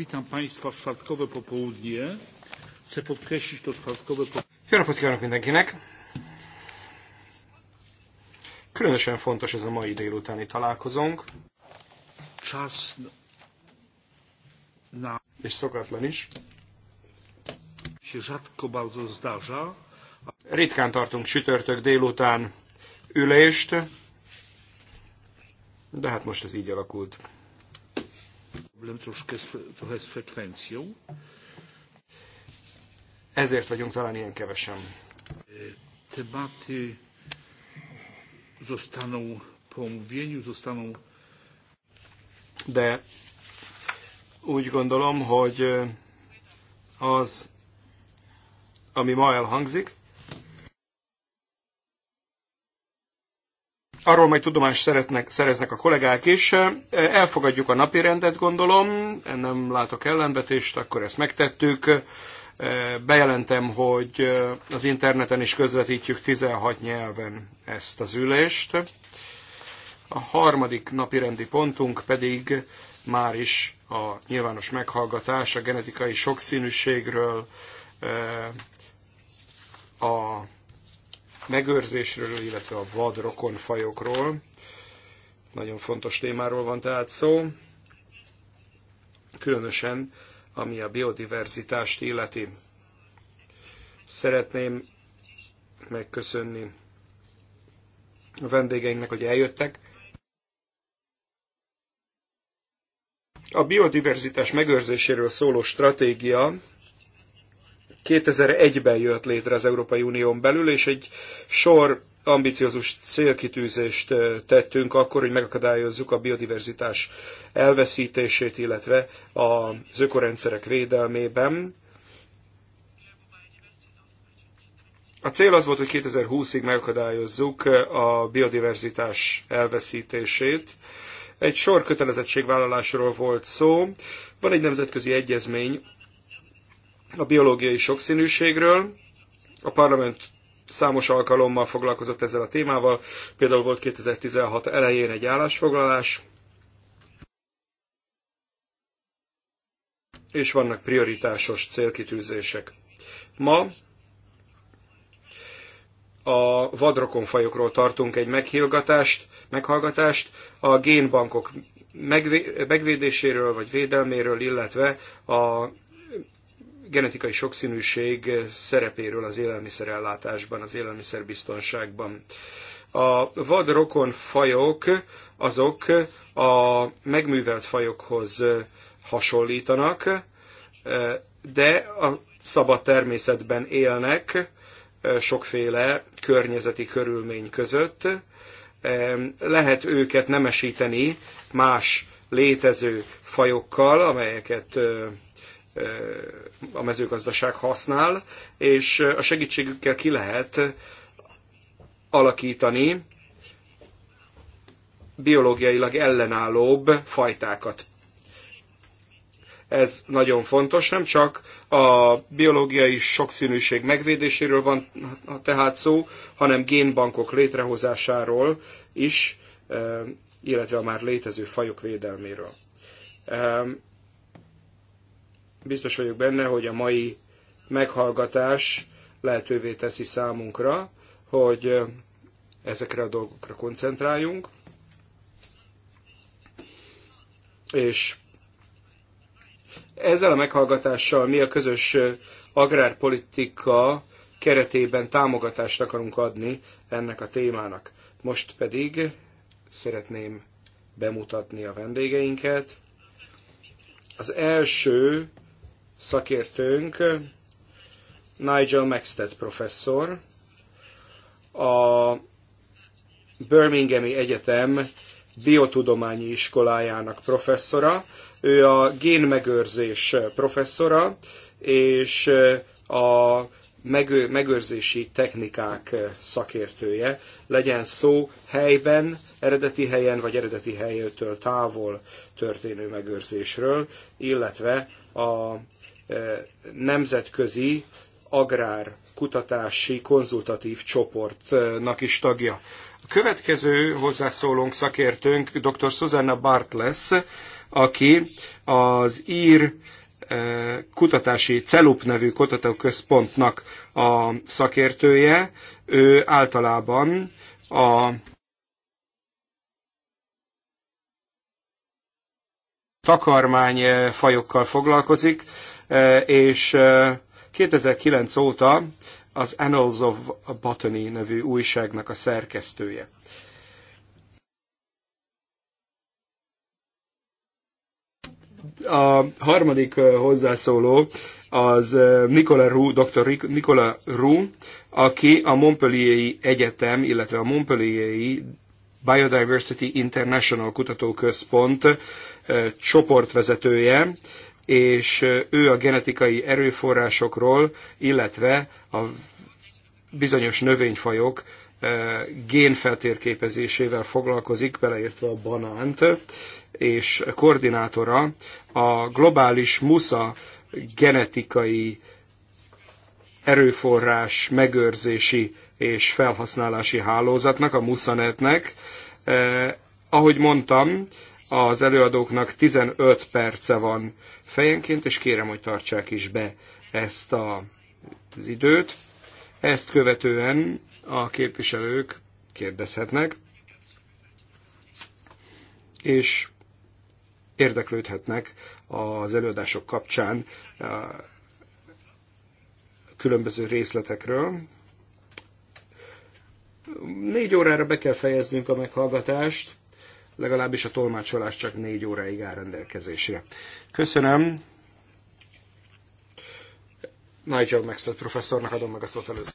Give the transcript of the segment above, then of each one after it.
Witam Państwa w czwartkowe popołudnie. Chcę podkreślić to czwartkowe popołudnie. Jó napot mindenkinek! Különösen fontos ez a mai délutáni találkozónk. Czas na... És szokatlan is. Się rzadko bardzo zdarza. Ritkán tartunk csütörtök délután ülést, de hát most ez így alakult problem troszkę, trochę z frekwencją. Ezért vagyunk talán ilyen kevesen. E, tematy zostaną po omówieniu, zostaną... De úgy gondolom, hogy e, az, ami ma elhangzik, arról majd tudomást szeretnek, szereznek a kollégák is. Elfogadjuk a napi rendet, gondolom, nem látok ellenvetést, akkor ezt megtettük. Bejelentem, hogy az interneten is közvetítjük 16 nyelven ezt az ülést. A harmadik napi rendi pontunk pedig már is a nyilvános meghallgatás a genetikai sokszínűségről, a megőrzésről, illetve a vad rokonfajokról. Nagyon fontos témáról van tehát szó, különösen ami a biodiverzitást illeti. Szeretném megköszönni a vendégeinknek, hogy eljöttek. A biodiverzitás megőrzéséről szóló stratégia 2001-ben jött létre az Európai Unión belül, és egy sor ambiciózus célkitűzést tettünk akkor, hogy megakadályozzuk a biodiverzitás elveszítését, illetve az ökorendszerek védelmében. A cél az volt, hogy 2020-ig megakadályozzuk a biodiverzitás elveszítését. Egy sor kötelezettségvállalásról volt szó. Van egy nemzetközi egyezmény, a biológiai sokszínűségről. A parlament számos alkalommal foglalkozott ezzel a témával, például volt 2016 elején egy állásfoglalás, és vannak prioritásos célkitűzések. Ma a vadrokonfajokról tartunk egy meghallgatást, meghallgatást a génbankok megvédéséről vagy védelméről, illetve a genetikai sokszínűség szerepéről az élelmiszerellátásban, az élelmiszerbiztonságban. A rokon fajok azok a megművelt fajokhoz hasonlítanak, de a szabad természetben élnek sokféle környezeti körülmény között. Lehet őket nemesíteni más létező fajokkal, amelyeket a mezőgazdaság használ, és a segítségükkel ki lehet alakítani biológiailag ellenállóbb fajtákat. Ez nagyon fontos, nem csak a biológiai sokszínűség megvédéséről van tehát szó, hanem génbankok létrehozásáról is, illetve a már létező fajok védelméről. Biztos vagyok benne, hogy a mai meghallgatás lehetővé teszi számunkra, hogy ezekre a dolgokra koncentráljunk, és ezzel a meghallgatással mi a közös agrárpolitika keretében támogatást akarunk adni ennek a témának. Most pedig szeretném bemutatni a vendégeinket. Az első szakértőnk, Nigel Maxted professzor, a Birminghami Egyetem biotudományi iskolájának professzora, ő a génmegőrzés professzora, és a megő, megőrzési technikák szakértője, legyen szó helyben, eredeti helyen vagy eredeti helyétől távol történő megőrzésről, illetve a nemzetközi agrárkutatási konzultatív csoportnak is tagja. A következő hozzászólónk, szakértőnk dr. Susanna Bartles, aki az ír kutatási CELUP nevű kutatóközpontnak a szakértője. Ő általában a takarmányfajokkal foglalkozik, Eh, és 2009 eh, óta az Annals of Botany nevű újságnak a szerkesztője. A harmadik eh, hozzászóló az Nicola Roux, dr. Nicola Roux, aki a Montpellier Egyetem, illetve a Montpellier Biodiversity International Kutatóközpont csoportvezetője, és ő a genetikai erőforrásokról, illetve a bizonyos növényfajok génfeltérképezésével foglalkozik, beleértve a banánt, és koordinátora a globális musza genetikai erőforrás megőrzési és felhasználási hálózatnak, a Mussanetnek. Eh, ahogy mondtam, az előadóknak 15 perce van fejenként, és kérem, hogy tartsák is be ezt a, az időt. Ezt követően a képviselők kérdezhetnek, és érdeklődhetnek az előadások kapcsán különböző részletekről. Négy órára be kell fejeznünk a meghallgatást, legalábbis a tolmácsolás csak négy óráig áll rendelkezésre. Köszönöm. Nigel Maxwell professzornak adom meg a szót először.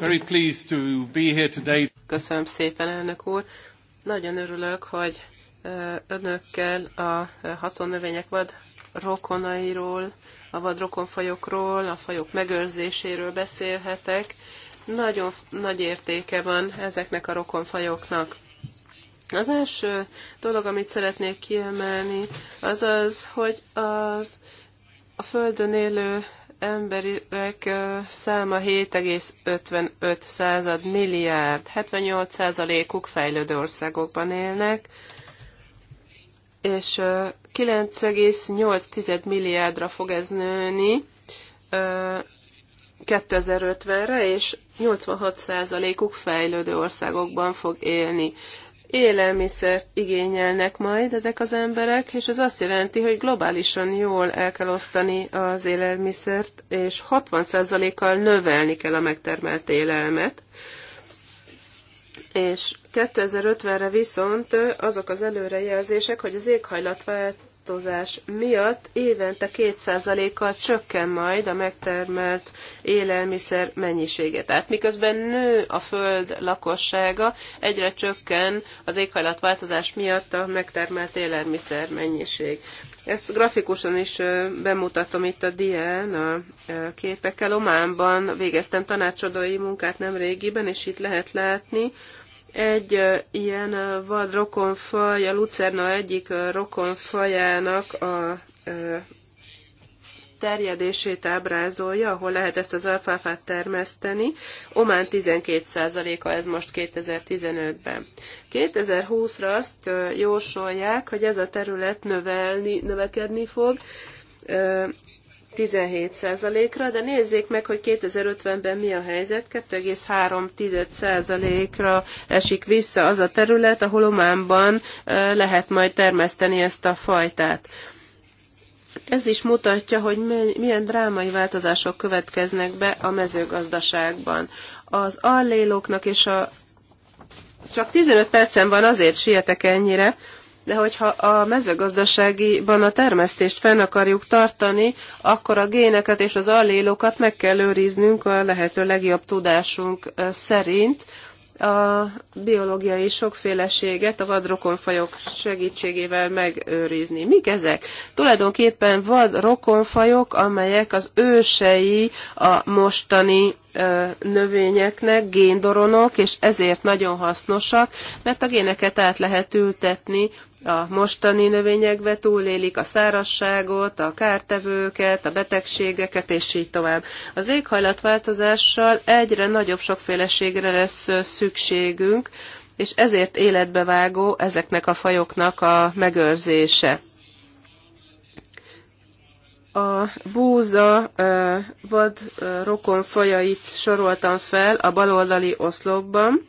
Very pleased to be here today. Köszönöm szépen, elnök úr. Nagyon örülök, hogy önökkel a haszonnövények vad rokonairól, a vadrokonfajokról, a fajok megőrzéséről beszélhetek. Nagyon nagy értéke van ezeknek a rokonfajoknak. Az első dolog, amit szeretnék kiemelni, az az, hogy az a Földön élő emberek száma 7,55 század milliárd, 78 százalékuk fejlődő országokban élnek, és 9,8 milliárdra fog ez nőni 2050-re, és 86 százalékuk fejlődő országokban fog élni élelmiszert igényelnek majd ezek az emberek, és ez azt jelenti, hogy globálisan jól el kell osztani az élelmiszert, és 60%-kal növelni kell a megtermelt élelmet. És 2050-re viszont azok az előrejelzések, hogy az éghajlatváltozás Változás miatt évente 2%-kal csökken majd a megtermelt élelmiszer mennyisége. Tehát miközben nő a föld lakossága, egyre csökken az éghajlatváltozás miatt a megtermelt élelmiszer mennyiség. Ezt grafikusan is bemutatom itt a dián, a képekkel. Ománban végeztem tanácsadói munkát nem régiben, és itt lehet látni, egy ilyen vad rokonfaj, a lucerna egyik rokonfajának a terjedését ábrázolja, ahol lehet ezt az alfáfát termeszteni. Omán 12%-a ez most 2015-ben. 2020-ra azt jósolják, hogy ez a terület növelni, növekedni fog, 17%-ra, de nézzék meg, hogy 2050-ben mi a helyzet. 2,3%-ra esik vissza az a terület, ahol Ománban lehet majd termeszteni ezt a fajtát. Ez is mutatja, hogy milyen drámai változások következnek be a mezőgazdaságban. Az alléloknak és a... Csak 15 percen van, azért sietek ennyire de hogyha a mezőgazdaságiban a termesztést fenn akarjuk tartani, akkor a géneket és az allélokat meg kell őriznünk a lehető legjobb tudásunk szerint, a biológiai sokféleséget a vadrokonfajok segítségével megőrizni. Mik ezek? Tulajdonképpen vadrokonfajok, amelyek az ősei a mostani növényeknek, géndoronok, és ezért nagyon hasznosak, mert a géneket át lehet ültetni a mostani növényekbe túlélik a szárasságot, a kártevőket, a betegségeket, és így tovább. Az éghajlatváltozással egyre nagyobb sokféleségre lesz szükségünk, és ezért életbevágó ezeknek a fajoknak a megőrzése. A búza vad rokon fajait soroltam fel a baloldali oszlopban.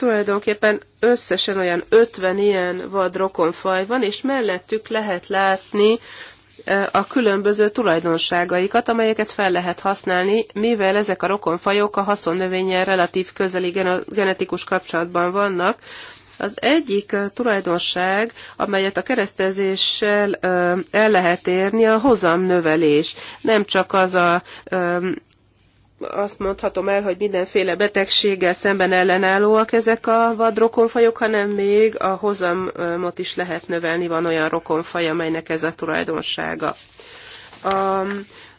Tulajdonképpen összesen olyan 50 ilyen vad rokonfaj van, és mellettük lehet látni e, a különböző tulajdonságaikat, amelyeket fel lehet használni, mivel ezek a rokonfajok a haszonnövényen relatív közeli genetikus kapcsolatban vannak. Az egyik e, tulajdonság, amelyet a keresztezéssel e, el lehet érni, a hozamnövelés. Nem csak az a azt mondhatom el, hogy mindenféle betegséggel szemben ellenállóak ezek a vad rokonfajok, hanem még a hozamot is lehet növelni, van olyan rokonfaj, amelynek ez a tulajdonsága. A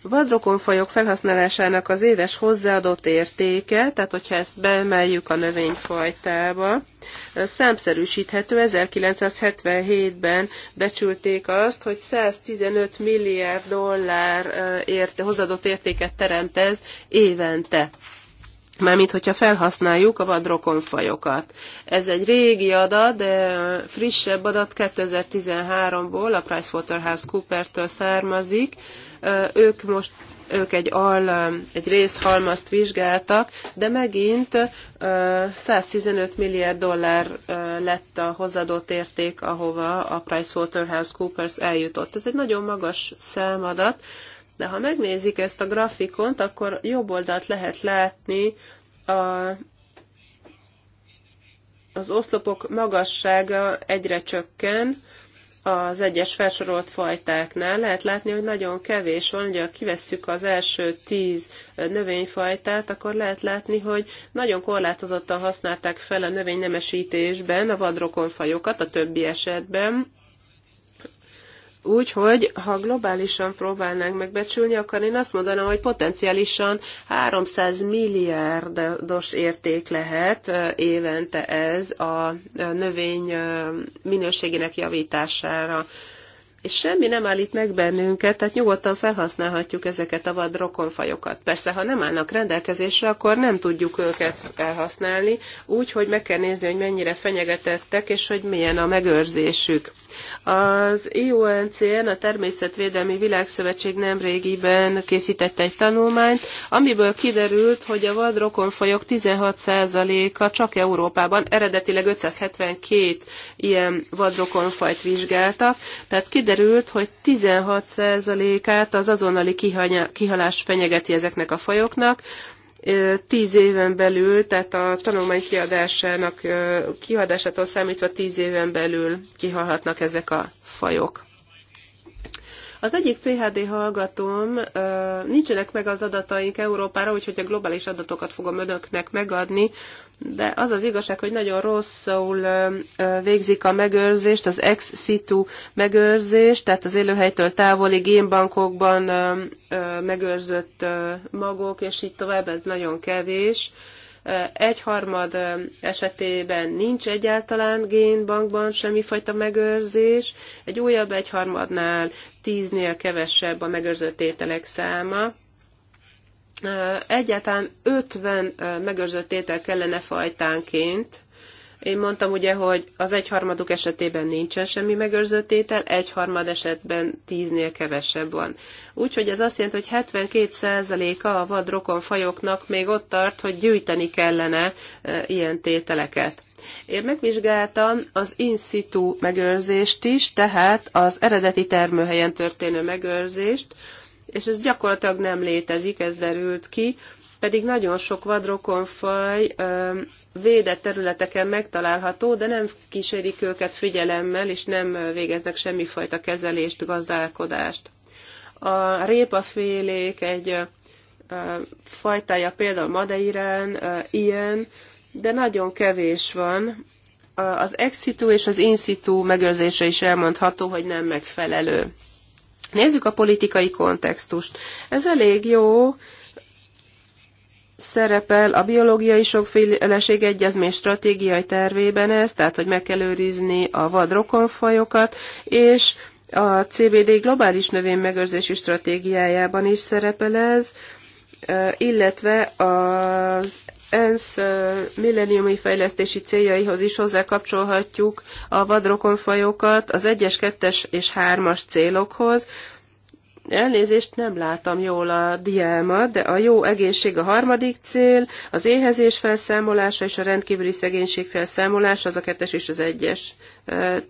vadrokonfajok felhasználásának az éves hozzáadott értéke, tehát hogyha ezt beemeljük a növényfajtába, számszerűsíthető. 1977-ben becsülték azt, hogy 115 milliárd dollár érte, hozzáadott értéket teremt ez évente. Mármint, hogyha felhasználjuk a vadrokonfajokat. Ez egy régi adat, de frissebb adat 2013-ból, a PricewaterhouseCoopertől származik, ők most ők egy al, egy részhalmazt vizsgáltak, de megint 115 milliárd dollár lett a hozzáadott érték, ahova a PricewaterhouseCoopers eljutott. Ez egy nagyon magas számadat, de ha megnézik ezt a grafikont, akkor jobb oldalt lehet látni a, az oszlopok magassága egyre csökken, az egyes felsorolt fajtáknál lehet látni, hogy nagyon kevés van, ugye ha kivesszük az első tíz növényfajtát, akkor lehet látni, hogy nagyon korlátozottan használták fel a növénynemesítésben a vadrokonfajokat a többi esetben, Úgyhogy, ha globálisan próbálnánk megbecsülni, akkor én azt mondanám, hogy potenciálisan 300 milliárdos érték lehet évente ez a növény minőségének javítására. És semmi nem állít meg bennünket, tehát nyugodtan felhasználhatjuk ezeket a vad rokonfajokat. Persze, ha nem állnak rendelkezésre, akkor nem tudjuk őket felhasználni, úgyhogy meg kell nézni, hogy mennyire fenyegetettek, és hogy milyen a megőrzésük az IUNCN, a Természetvédelmi Világszövetség nemrégiben készített egy tanulmányt, amiből kiderült, hogy a vadrokonfajok 16%-a csak Európában, eredetileg 572 ilyen vadrokonfajt vizsgáltak, tehát kiderült, hogy 16%-át az azonnali kihalás fenyegeti ezeknek a fajoknak, tíz éven belül, tehát a tanulmány kiadásának, kiadásától számítva tíz éven belül kihalhatnak ezek a fajok. Az egyik PHD hallgatóm, nincsenek meg az adataink Európára, úgyhogy a globális adatokat fogom önöknek megadni, de az az igazság, hogy nagyon rosszul végzik a megőrzést, az ex situ megőrzést, tehát az élőhelytől távoli génbankokban megőrzött magok, és így tovább, ez nagyon kevés egyharmad esetében nincs egyáltalán génbankban semmifajta megőrzés, egy újabb egyharmadnál tíznél kevesebb a megőrzött tételek száma, egyáltalán 50 megőrzött tétel kellene fajtánként, én mondtam ugye, hogy az egyharmaduk esetében nincsen semmi megőrző tétel, egyharmad esetben tíznél kevesebb van. Úgyhogy ez azt jelenti, hogy 72%-a a vadrokon fajoknak még ott tart, hogy gyűjteni kellene e, ilyen tételeket. Én megvizsgáltam az in situ megőrzést is, tehát az eredeti termőhelyen történő megőrzést, és ez gyakorlatilag nem létezik, ez derült ki pedig nagyon sok vadrokonfaj védett területeken megtalálható, de nem kísérik őket figyelemmel, és nem végeznek semmifajta kezelést, gazdálkodást. A répafélék egy fajtája például Madeirán ilyen, de nagyon kevés van. Az ex situ és az in situ megőrzése is elmondható, hogy nem megfelelő. Nézzük a politikai kontextust. Ez elég jó, szerepel a biológiai sokféleség egyezmény stratégiai tervében ez, tehát hogy meg kell őrizni a vad rokonfajokat, és a CBD globális növénymegőrzési stratégiájában is szerepel ez, illetve az ENSZ milleniumi fejlesztési céljaihoz is hozzákapcsolhatjuk a vadrokonfajokat az 1-es, 2-es és 3-as célokhoz, Elnézést nem látom jól a diámat, de a jó egészség a harmadik cél, az éhezés felszámolása és a rendkívüli szegénység felszámolása, az a kettes és az egyes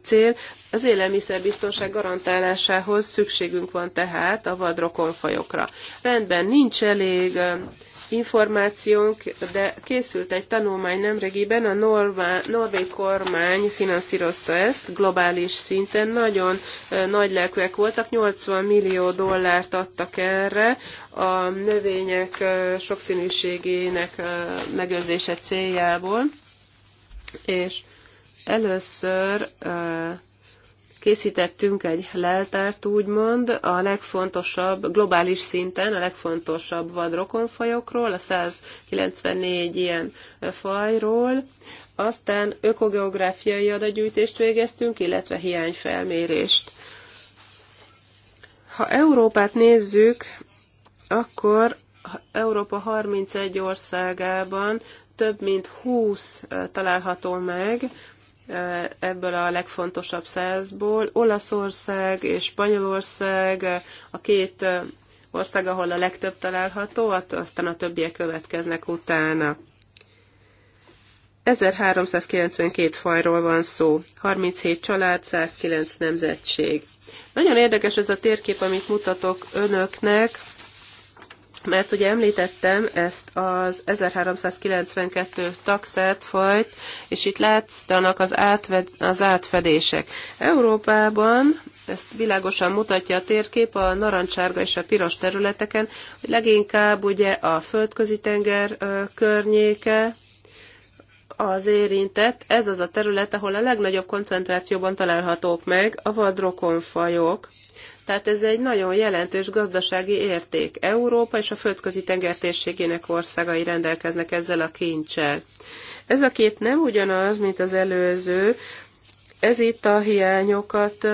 cél. Az élelmiszerbiztonság garantálásához szükségünk van tehát a vadrokonfajokra. Rendben, nincs elég információnk, de készült egy tanulmány nemrégiben, a Norvá, norvég kormány finanszírozta ezt globális szinten, nagyon nagy lelkűek voltak, 80 millió dollárt adtak erre a növények sokszínűségének megőrzése céljából, és először készítettünk egy leltárt, úgymond, a legfontosabb, globális szinten a legfontosabb vadrokonfajokról, a 194 ilyen fajról, aztán ökogeográfiai adatgyűjtést végeztünk, illetve hiányfelmérést. Ha Európát nézzük, akkor Európa 31 országában több mint 20 található meg, ebből a legfontosabb százból. Olaszország és Spanyolország a két ország, ahol a legtöbb található, aztán a többiek következnek utána. 1392 fajról van szó, 37 család, 109 nemzetség. Nagyon érdekes ez a térkép, amit mutatok önöknek mert ugye említettem ezt az 1392 taxát fajt, és itt látszanak az, átved, az átfedések. Európában ezt világosan mutatja a térkép a narancsárga és a piros területeken, hogy leginkább ugye a földközi tenger környéke az érintett, ez az a terület, ahol a legnagyobb koncentrációban találhatók meg a vadrokonfajok tehát ez egy nagyon jelentős gazdasági érték. Európa és a földközi tengertérségének országai rendelkeznek ezzel a kincsel. Ez a kép nem ugyanaz, mint az előző. Ez itt a hiányokat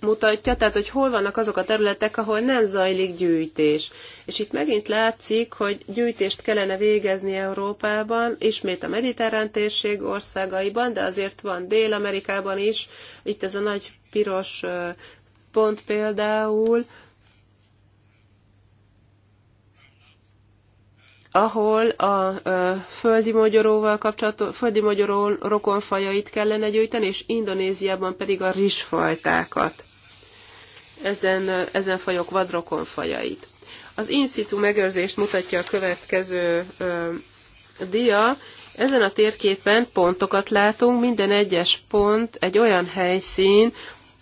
mutatja, tehát hogy hol vannak azok a területek, ahol nem zajlik gyűjtés. És itt megint látszik, hogy gyűjtést kellene végezni Európában, ismét a mediterrán térség országaiban, de azért van Dél-Amerikában is, itt ez a nagy piros pont például, ahol a földi magyaróval kapcsolatos, földi magyaró rokonfajait kellene gyűjteni, és Indonéziában pedig a rizsfajtákat, ezen, ezen fajok vadrokonfajait. Az in situ megőrzést mutatja a következő ö, dia. Ezen a térképen pontokat látunk, minden egyes pont egy olyan helyszín,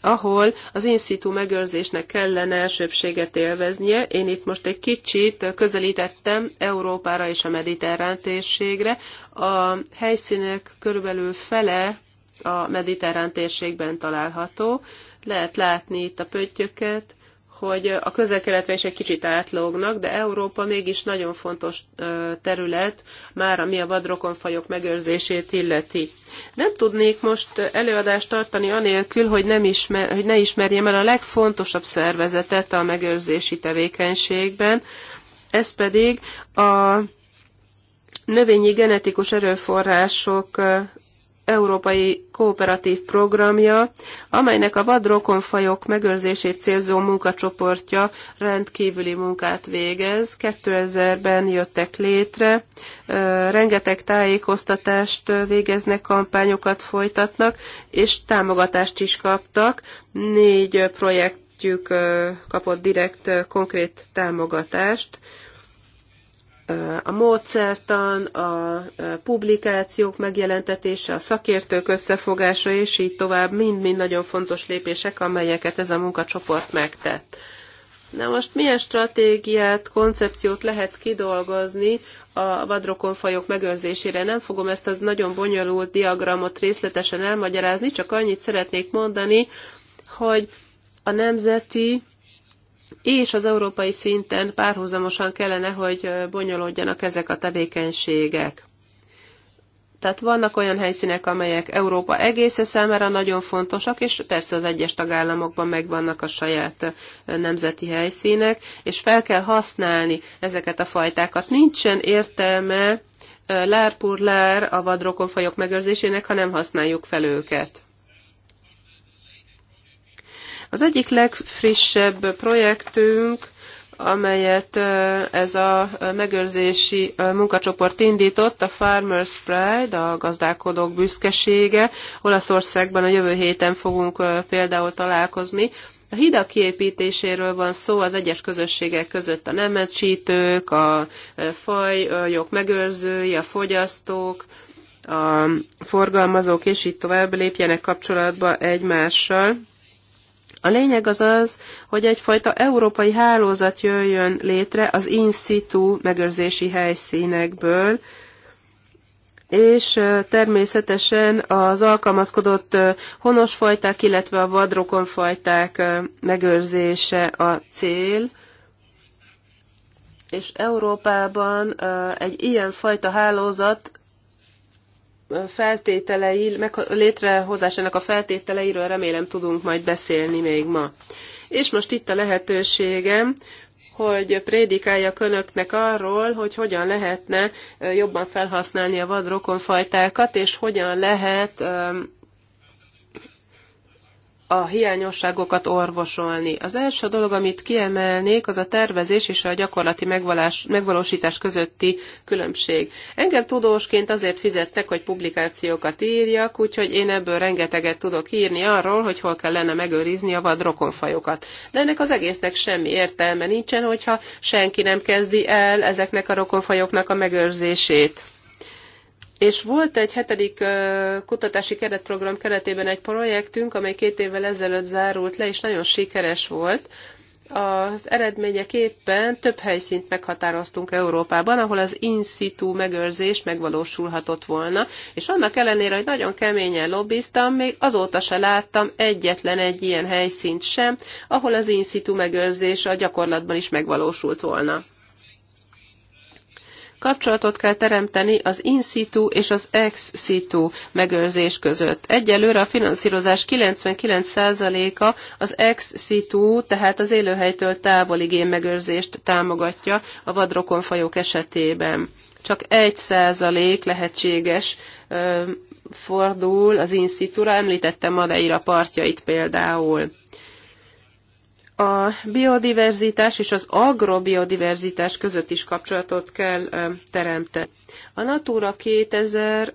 ahol az in-situ megőrzésnek kellene elsőbséget élveznie. Én itt most egy kicsit közelítettem Európára és a mediterrán térségre. A helyszínek körülbelül fele a mediterrán térségben található. Lehet látni itt a pöttyöket, hogy a közel-keletre is egy kicsit átlógnak, de Európa mégis nagyon fontos terület, már ami a vadrokonfajok megőrzését illeti. Nem tudnék most előadást tartani anélkül, hogy, nem ismer, hogy ne ismerjem el a legfontosabb szervezetet a megőrzési tevékenységben, ez pedig a növényi genetikus erőforrások európai kooperatív programja, amelynek a vadrokonfajok megőrzését célzó munkacsoportja rendkívüli munkát végez. 2000-ben jöttek létre, rengeteg tájékoztatást végeznek, kampányokat folytatnak, és támogatást is kaptak. Négy projektjük kapott direkt konkrét támogatást a módszertan, a publikációk megjelentetése, a szakértők összefogása, és így tovább, mind-mind nagyon fontos lépések, amelyeket ez a munkacsoport megtett. Na most milyen stratégiát, koncepciót lehet kidolgozni a vadrokonfajok megőrzésére? Nem fogom ezt az nagyon bonyolult diagramot részletesen elmagyarázni, csak annyit szeretnék mondani, hogy a nemzeti és az európai szinten párhuzamosan kellene, hogy bonyolódjanak ezek a tevékenységek. Tehát vannak olyan helyszínek, amelyek Európa egésze számára nagyon fontosak, és persze az egyes tagállamokban megvannak a saját nemzeti helyszínek, és fel kell használni ezeket a fajtákat. Nincsen értelme lárpurlár a vadrokonfajok megőrzésének, ha nem használjuk fel őket. Az egyik legfrissebb projektünk, amelyet ez a megőrzési munkacsoport indított, a Farmers Pride, a gazdálkodók büszkesége. Olaszországban a jövő héten fogunk például találkozni, a hidak kiépítéséről van szó az egyes közösségek között a nemecsítők, a fajok megőrzői, a fogyasztók, a forgalmazók, és így tovább lépjenek kapcsolatba egymással a lényeg az az, hogy egyfajta európai hálózat jöjjön létre az in situ megőrzési helyszínekből, és természetesen az alkalmazkodott fajták illetve a fajták megőrzése a cél, és Európában egy ilyen fajta hálózat feltételei, meg, létrehozásának a feltételeiről remélem tudunk majd beszélni még ma. És most itt a lehetőségem, hogy prédikáljak önöknek arról, hogy hogyan lehetne jobban felhasználni a vadrokonfajtákat, és hogyan lehet a hiányosságokat orvosolni. Az első dolog, amit kiemelnék, az a tervezés és a gyakorlati megvalás, megvalósítás közötti különbség. Engem tudósként azért fizettek, hogy publikációkat írjak, úgyhogy én ebből rengeteget tudok írni arról, hogy hol kellene megőrizni a vad rokonfajokat. De ennek az egésznek semmi értelme nincsen, hogyha senki nem kezdi el ezeknek a rokonfajoknak a megőrzését. És volt egy hetedik kutatási keretprogram keretében egy projektünk, amely két évvel ezelőtt zárult le, és nagyon sikeres volt. Az eredményeképpen több helyszínt meghatároztunk Európában, ahol az in situ megőrzés megvalósulhatott volna, és annak ellenére, hogy nagyon keményen lobbiztam, még azóta se láttam egyetlen egy ilyen helyszínt sem, ahol az in situ megőrzés a gyakorlatban is megvalósult volna. Kapcsolatot kell teremteni az in situ és az ex situ megőrzés között. Egyelőre a finanszírozás 99%-a az ex situ, tehát az élőhelytől távoli génmegőrzést támogatja a vadrokonfajok esetében. Csak 1% lehetséges fordul az in situ-ra, említettem Madeira partjait például a biodiverzitás és az agrobiodiverzitás között is kapcsolatot kell teremteni. A Natura 2000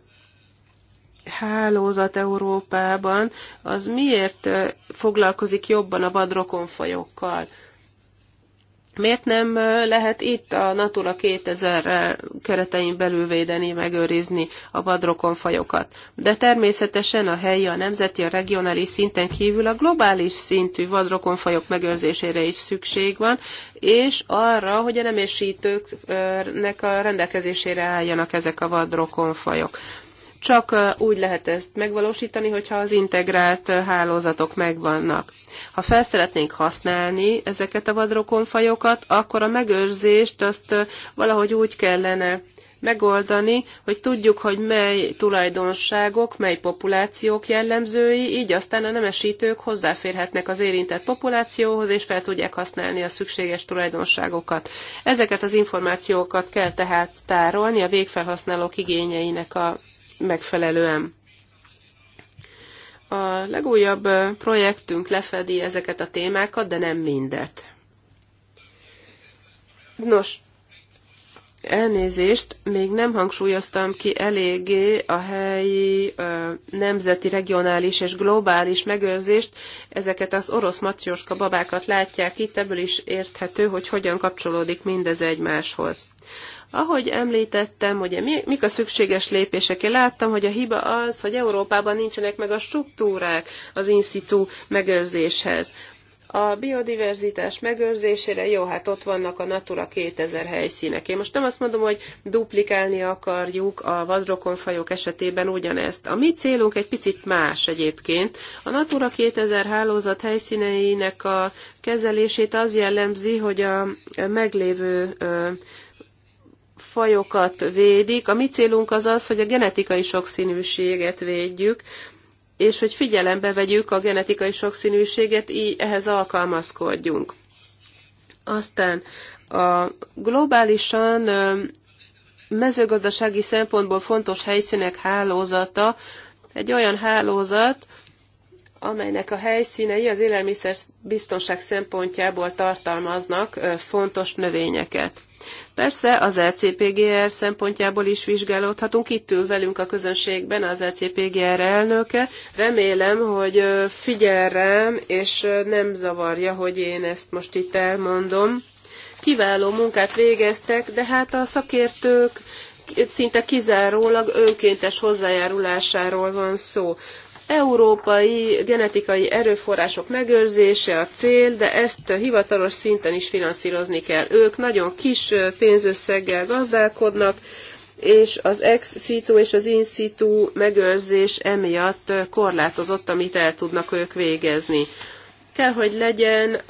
hálózat Európában az miért foglalkozik jobban a vadrokon fajokkal? Miért nem lehet itt a Natura 2000 keretein belül védeni, megőrizni a vadrokon fajokat? De természetesen a helyi, a nemzeti, a regionális szinten kívül a globális szintű vadrokon fajok megőrzésére is szükség van, és arra, hogy a nemesítőknek a rendelkezésére álljanak ezek a vadrokon fajok. Csak úgy lehet ezt megvalósítani, hogyha az integrált hálózatok megvannak. Ha fel szeretnénk használni ezeket a vadrokonfajokat, akkor a megőrzést azt valahogy úgy kellene megoldani, hogy tudjuk, hogy mely tulajdonságok, mely populációk jellemzői, így aztán a nemesítők hozzáférhetnek az érintett populációhoz, és fel tudják használni a szükséges tulajdonságokat. Ezeket az információkat kell tehát tárolni a végfelhasználók igényeinek a megfelelően. A legújabb projektünk lefedi ezeket a témákat, de nem mindet. Nos, elnézést, még nem hangsúlyoztam ki eléggé a helyi nemzeti, regionális és globális megőrzést. Ezeket az orosz matrioska babákat látják itt, ebből is érthető, hogy hogyan kapcsolódik mindez egymáshoz. Ahogy említettem, ugye mi, mik a szükséges lépések? Én láttam, hogy a hiba az, hogy Európában nincsenek meg a struktúrák az institú megőrzéshez. A biodiverzitás megőrzésére, jó, hát ott vannak a Natura 2000 helyszínek. Én most nem azt mondom, hogy duplikálni akarjuk a vadrokonfajok esetében ugyanezt. A mi célunk egy picit más egyébként. A Natura 2000 hálózat helyszíneinek a kezelését az jellemzi, hogy a meglévő fajokat védik. A mi célunk az az, hogy a genetikai sokszínűséget védjük, és hogy figyelembe vegyük a genetikai sokszínűséget, így ehhez alkalmazkodjunk. Aztán a globálisan mezőgazdasági szempontból fontos helyszínek hálózata egy olyan hálózat, amelynek a helyszínei az élelmiszer biztonság szempontjából tartalmaznak fontos növényeket. Persze az LCPGR e szempontjából is vizsgálódhatunk, itt ül velünk a közönségben az LCPGR e elnöke. Remélem, hogy figyel rám, és nem zavarja, hogy én ezt most itt elmondom. Kiváló munkát végeztek, de hát a szakértők szinte kizárólag önkéntes hozzájárulásáról van szó európai genetikai erőforrások megőrzése a cél, de ezt hivatalos szinten is finanszírozni kell. Ők nagyon kis pénzösszeggel gazdálkodnak, és az ex situ és az in situ megőrzés emiatt korlátozott, amit el tudnak ők végezni. Kell, hogy legyen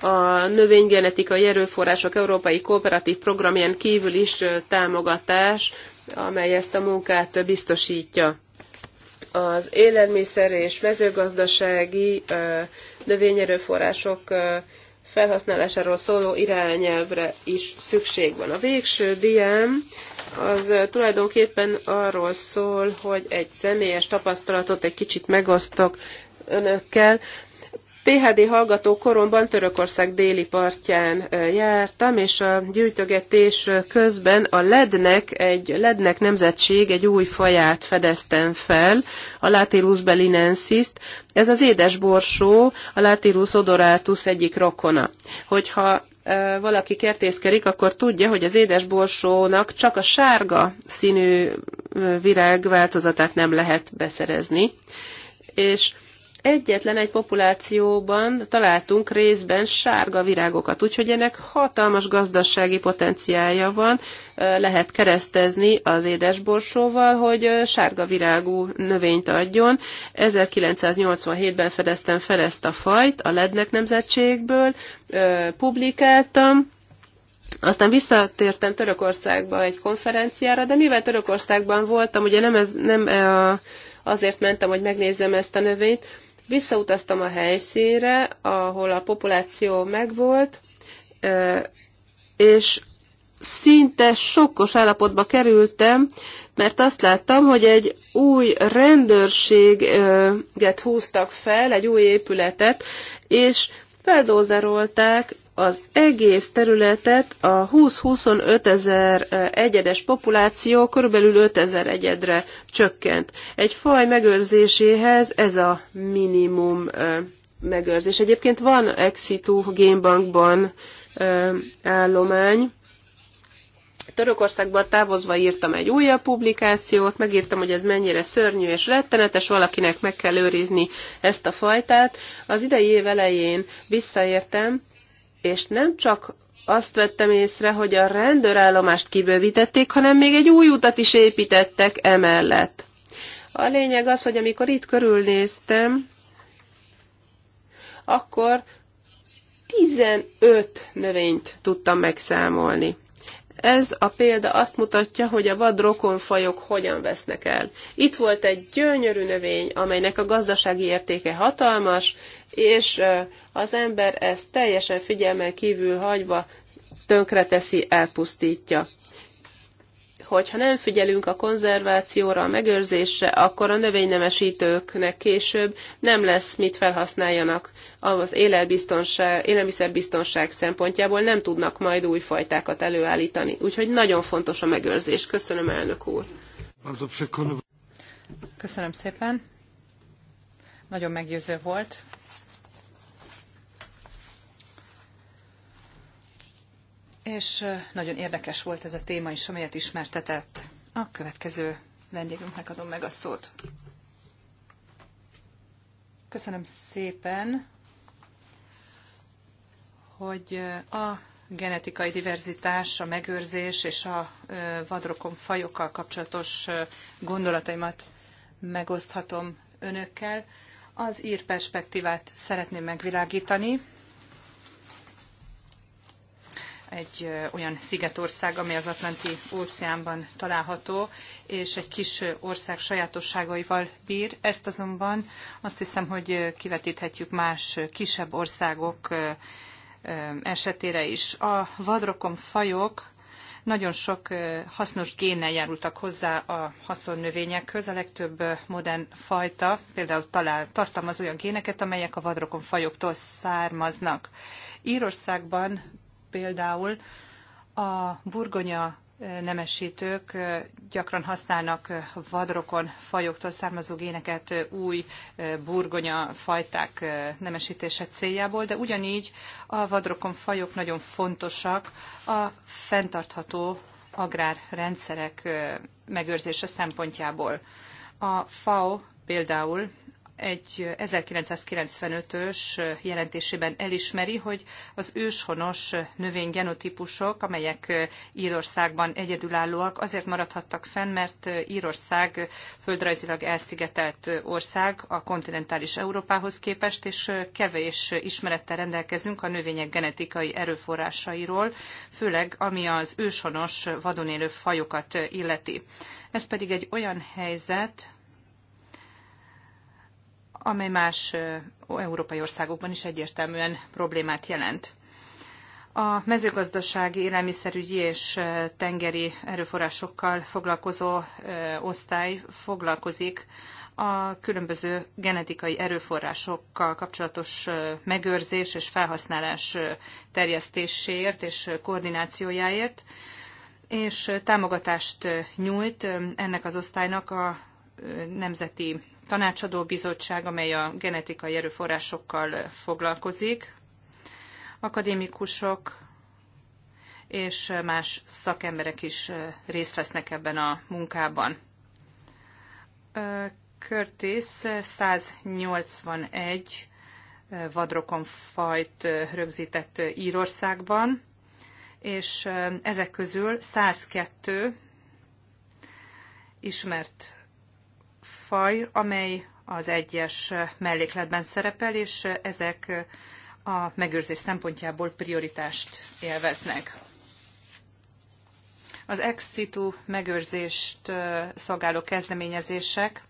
a növénygenetikai erőforrások európai kooperatív programján kívül is támogatás, amely ezt a munkát biztosítja az élelmiszer és mezőgazdasági növényerőforrások felhasználásáról szóló irányelvre is szükség van. A végső diám az tulajdonképpen arról szól, hogy egy személyes tapasztalatot egy kicsit megosztok önökkel. PHD hallgató koromban Törökország déli partján jártam, és a gyűjtögetés közben a lednek, egy lednek nemzetség egy új faját fedeztem fel, a Latirus belinensis Ez az édesborsó, a Latirus odoratus egyik rokona. Hogyha valaki kertészkedik, akkor tudja, hogy az édesborsónak csak a sárga színű virág változatát nem lehet beszerezni. És egyetlen egy populációban találtunk részben sárga virágokat, úgyhogy ennek hatalmas gazdasági potenciálja van, lehet keresztezni az édesborsóval, hogy sárga virágú növényt adjon. 1987-ben fedeztem fel ezt a fajt a Lednek nemzetségből, publikáltam, aztán visszatértem Törökországba egy konferenciára, de mivel Törökországban voltam, ugye nem, ez, nem azért mentem, hogy megnézzem ezt a növényt, Visszautaztam a helyszínre, ahol a populáció megvolt, és szinte sokkos állapotba kerültem, mert azt láttam, hogy egy új rendőrséget húztak fel, egy új épületet, és feldózerolták az egész területet a 20-25 ezer egyedes populáció körülbelül 5 ezer egyedre csökkent. Egy faj megőrzéséhez ez a minimum megőrzés. Egyébként van Exitu génbankban állomány, Törökországban távozva írtam egy újabb publikációt, megírtam, hogy ez mennyire szörnyű és rettenetes, valakinek meg kell őrizni ezt a fajtát. Az idei év elején visszaértem, és nem csak azt vettem észre, hogy a rendőrállomást kibővítették, hanem még egy új utat is építettek emellett. A lényeg az, hogy amikor itt körülnéztem, akkor 15 növényt tudtam megszámolni. Ez a példa azt mutatja, hogy a vadrokonfajok hogyan vesznek el. Itt volt egy gyönyörű növény, amelynek a gazdasági értéke hatalmas, és az ember ezt teljesen figyelmen kívül hagyva tönkreteszi, elpusztítja. Hogyha nem figyelünk a konzervációra, a megőrzésre, akkor a növénynemesítőknek később nem lesz mit felhasználjanak az élelbiztonság, élelmiszerbiztonság szempontjából, nem tudnak majd új fajtákat előállítani. Úgyhogy nagyon fontos a megőrzés. Köszönöm, elnök úr! Köszönöm szépen! Nagyon meggyőző volt és nagyon érdekes volt ez a téma is, amelyet ismertetett. A következő vendégünknek adom meg a szót. Köszönöm szépen, hogy a genetikai diverzitás, a megőrzés és a vadrokon fajokkal kapcsolatos gondolataimat megoszthatom önökkel. Az ír perspektívát szeretném megvilágítani, egy olyan szigetország, amely az Atlanti óceánban található, és egy kis ország sajátosságaival bír. Ezt azonban azt hiszem, hogy kivetíthetjük más kisebb országok esetére is. A vadrokon fajok nagyon sok hasznos génnel járultak hozzá a haszonnövényekhöz. A legtöbb modern fajta például talál, tartalmaz olyan géneket, amelyek a vadrokon fajoktól származnak. Írországban Például a burgonya nemesítők gyakran használnak vadrokon fajoktól származó géneket új burgonya fajták nemesítése céljából, de ugyanígy a vadrokon fajok nagyon fontosak a fenntartható agrárrendszerek megőrzése szempontjából. A FAO például egy 1995-ös jelentésében elismeri, hogy az őshonos növénygenotípusok, amelyek Írországban egyedülállóak, azért maradhattak fenn, mert Írország földrajzilag elszigetelt ország a kontinentális Európához képest, és kevés ismerettel rendelkezünk a növények genetikai erőforrásairól, főleg ami az őshonos vadon élő fajokat illeti. Ez pedig egy olyan helyzet, amely más európai országokban is egyértelműen problémát jelent. A mezőgazdasági, élelmiszerügyi és tengeri erőforrásokkal foglalkozó osztály foglalkozik a különböző genetikai erőforrásokkal kapcsolatos megőrzés és felhasználás terjesztéséért és koordinációjáért, és támogatást nyújt ennek az osztálynak a nemzeti tanácsadó bizottság, amely a genetikai erőforrásokkal foglalkozik, akadémikusok és más szakemberek is részt vesznek ebben a munkában. Curtis 181 vadrokon fajt rögzített Írországban, és ezek közül 102 ismert faj, amely az egyes mellékletben szerepel, és ezek a megőrzés szempontjából prioritást élveznek. Az ex situ megőrzést szolgáló kezdeményezések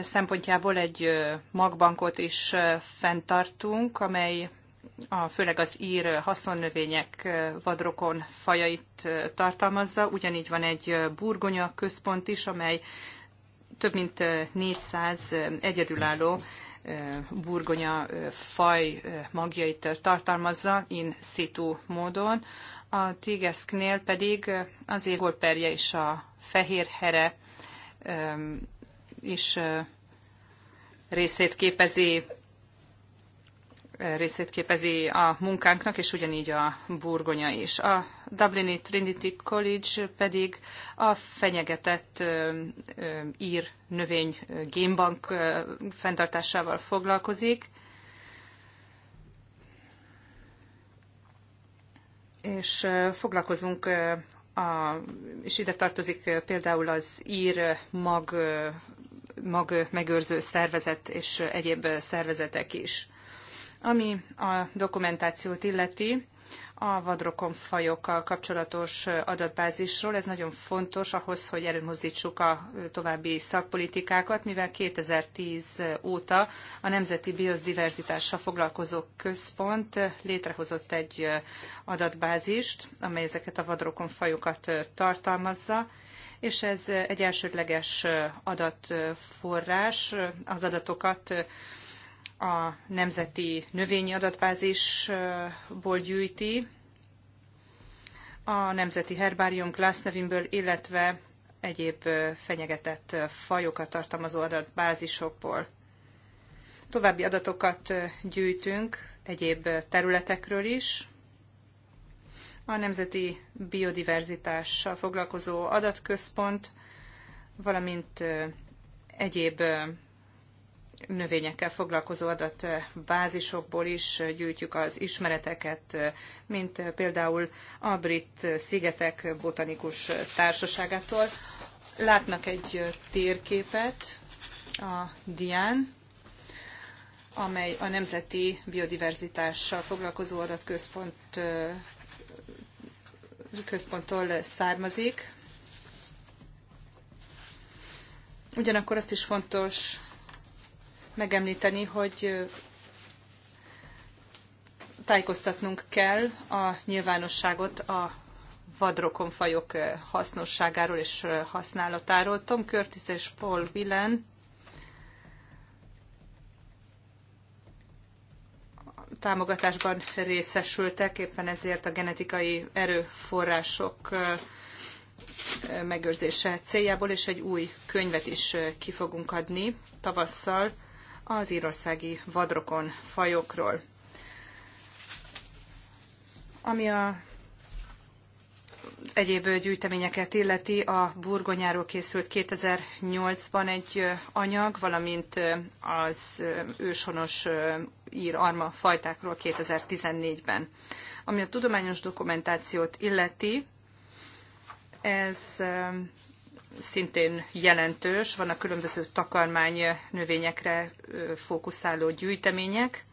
szempontjából egy magbankot is fenntartunk, amely a, főleg az ír haszonnövények vadrokon fajait tartalmazza. Ugyanígy van egy burgonya központ is, amely több mint 400 egyedülálló burgonya faj magjait tartalmazza in situ módon. A tégesknél pedig az égolperje és a fehér here is részét képezi részét képezi a munkánknak, és ugyanígy a burgonya is. A Dublini Trinity College pedig a fenyegetett ír növény génbank fenntartásával foglalkozik. És foglalkozunk a, és ide tartozik például az ír mag, mag megőrző szervezet és egyéb szervezetek is. Ami a dokumentációt illeti, a vadrokon fajokkal kapcsolatos adatbázisról. Ez nagyon fontos ahhoz, hogy előmozdítsuk a további szakpolitikákat, mivel 2010 óta a Nemzeti Biodiverzitással foglalkozó központ létrehozott egy adatbázist, amely ezeket a vadrokon fajokat tartalmazza, és ez egy elsődleges adatforrás, az adatokat a Nemzeti Növényi Adatbázisból gyűjti, a Nemzeti Herbárium Glasnevinből, illetve egyéb fenyegetett fajokat tartalmazó adatbázisokból. További adatokat gyűjtünk egyéb területekről is. A Nemzeti Biodiverzitással foglalkozó adatközpont, valamint egyéb növényekkel foglalkozó adatbázisokból is gyűjtjük az ismereteket, mint például a Brit Szigetek Botanikus Társaságától. Látnak egy térképet a dián, amely a Nemzeti Biodiverzitással foglalkozó adatközpont központtól származik. Ugyanakkor azt is fontos megemlíteni, hogy tájékoztatnunk kell a nyilvánosságot a vadrokonfajok hasznosságáról és használatáról. Tom Curtis és Paul Willen támogatásban részesültek, éppen ezért a genetikai erőforrások megőrzése céljából, és egy új könyvet is ki fogunk adni tavasszal az írországi vadrokon fajokról. Ami a egyéb gyűjteményeket illeti, a burgonyáról készült 2008-ban egy anyag, valamint az őshonos ír arma fajtákról 2014-ben. Ami a tudományos dokumentációt illeti, ez szintén jelentős. Vannak különböző takarmány növényekre fókuszáló gyűjtemények,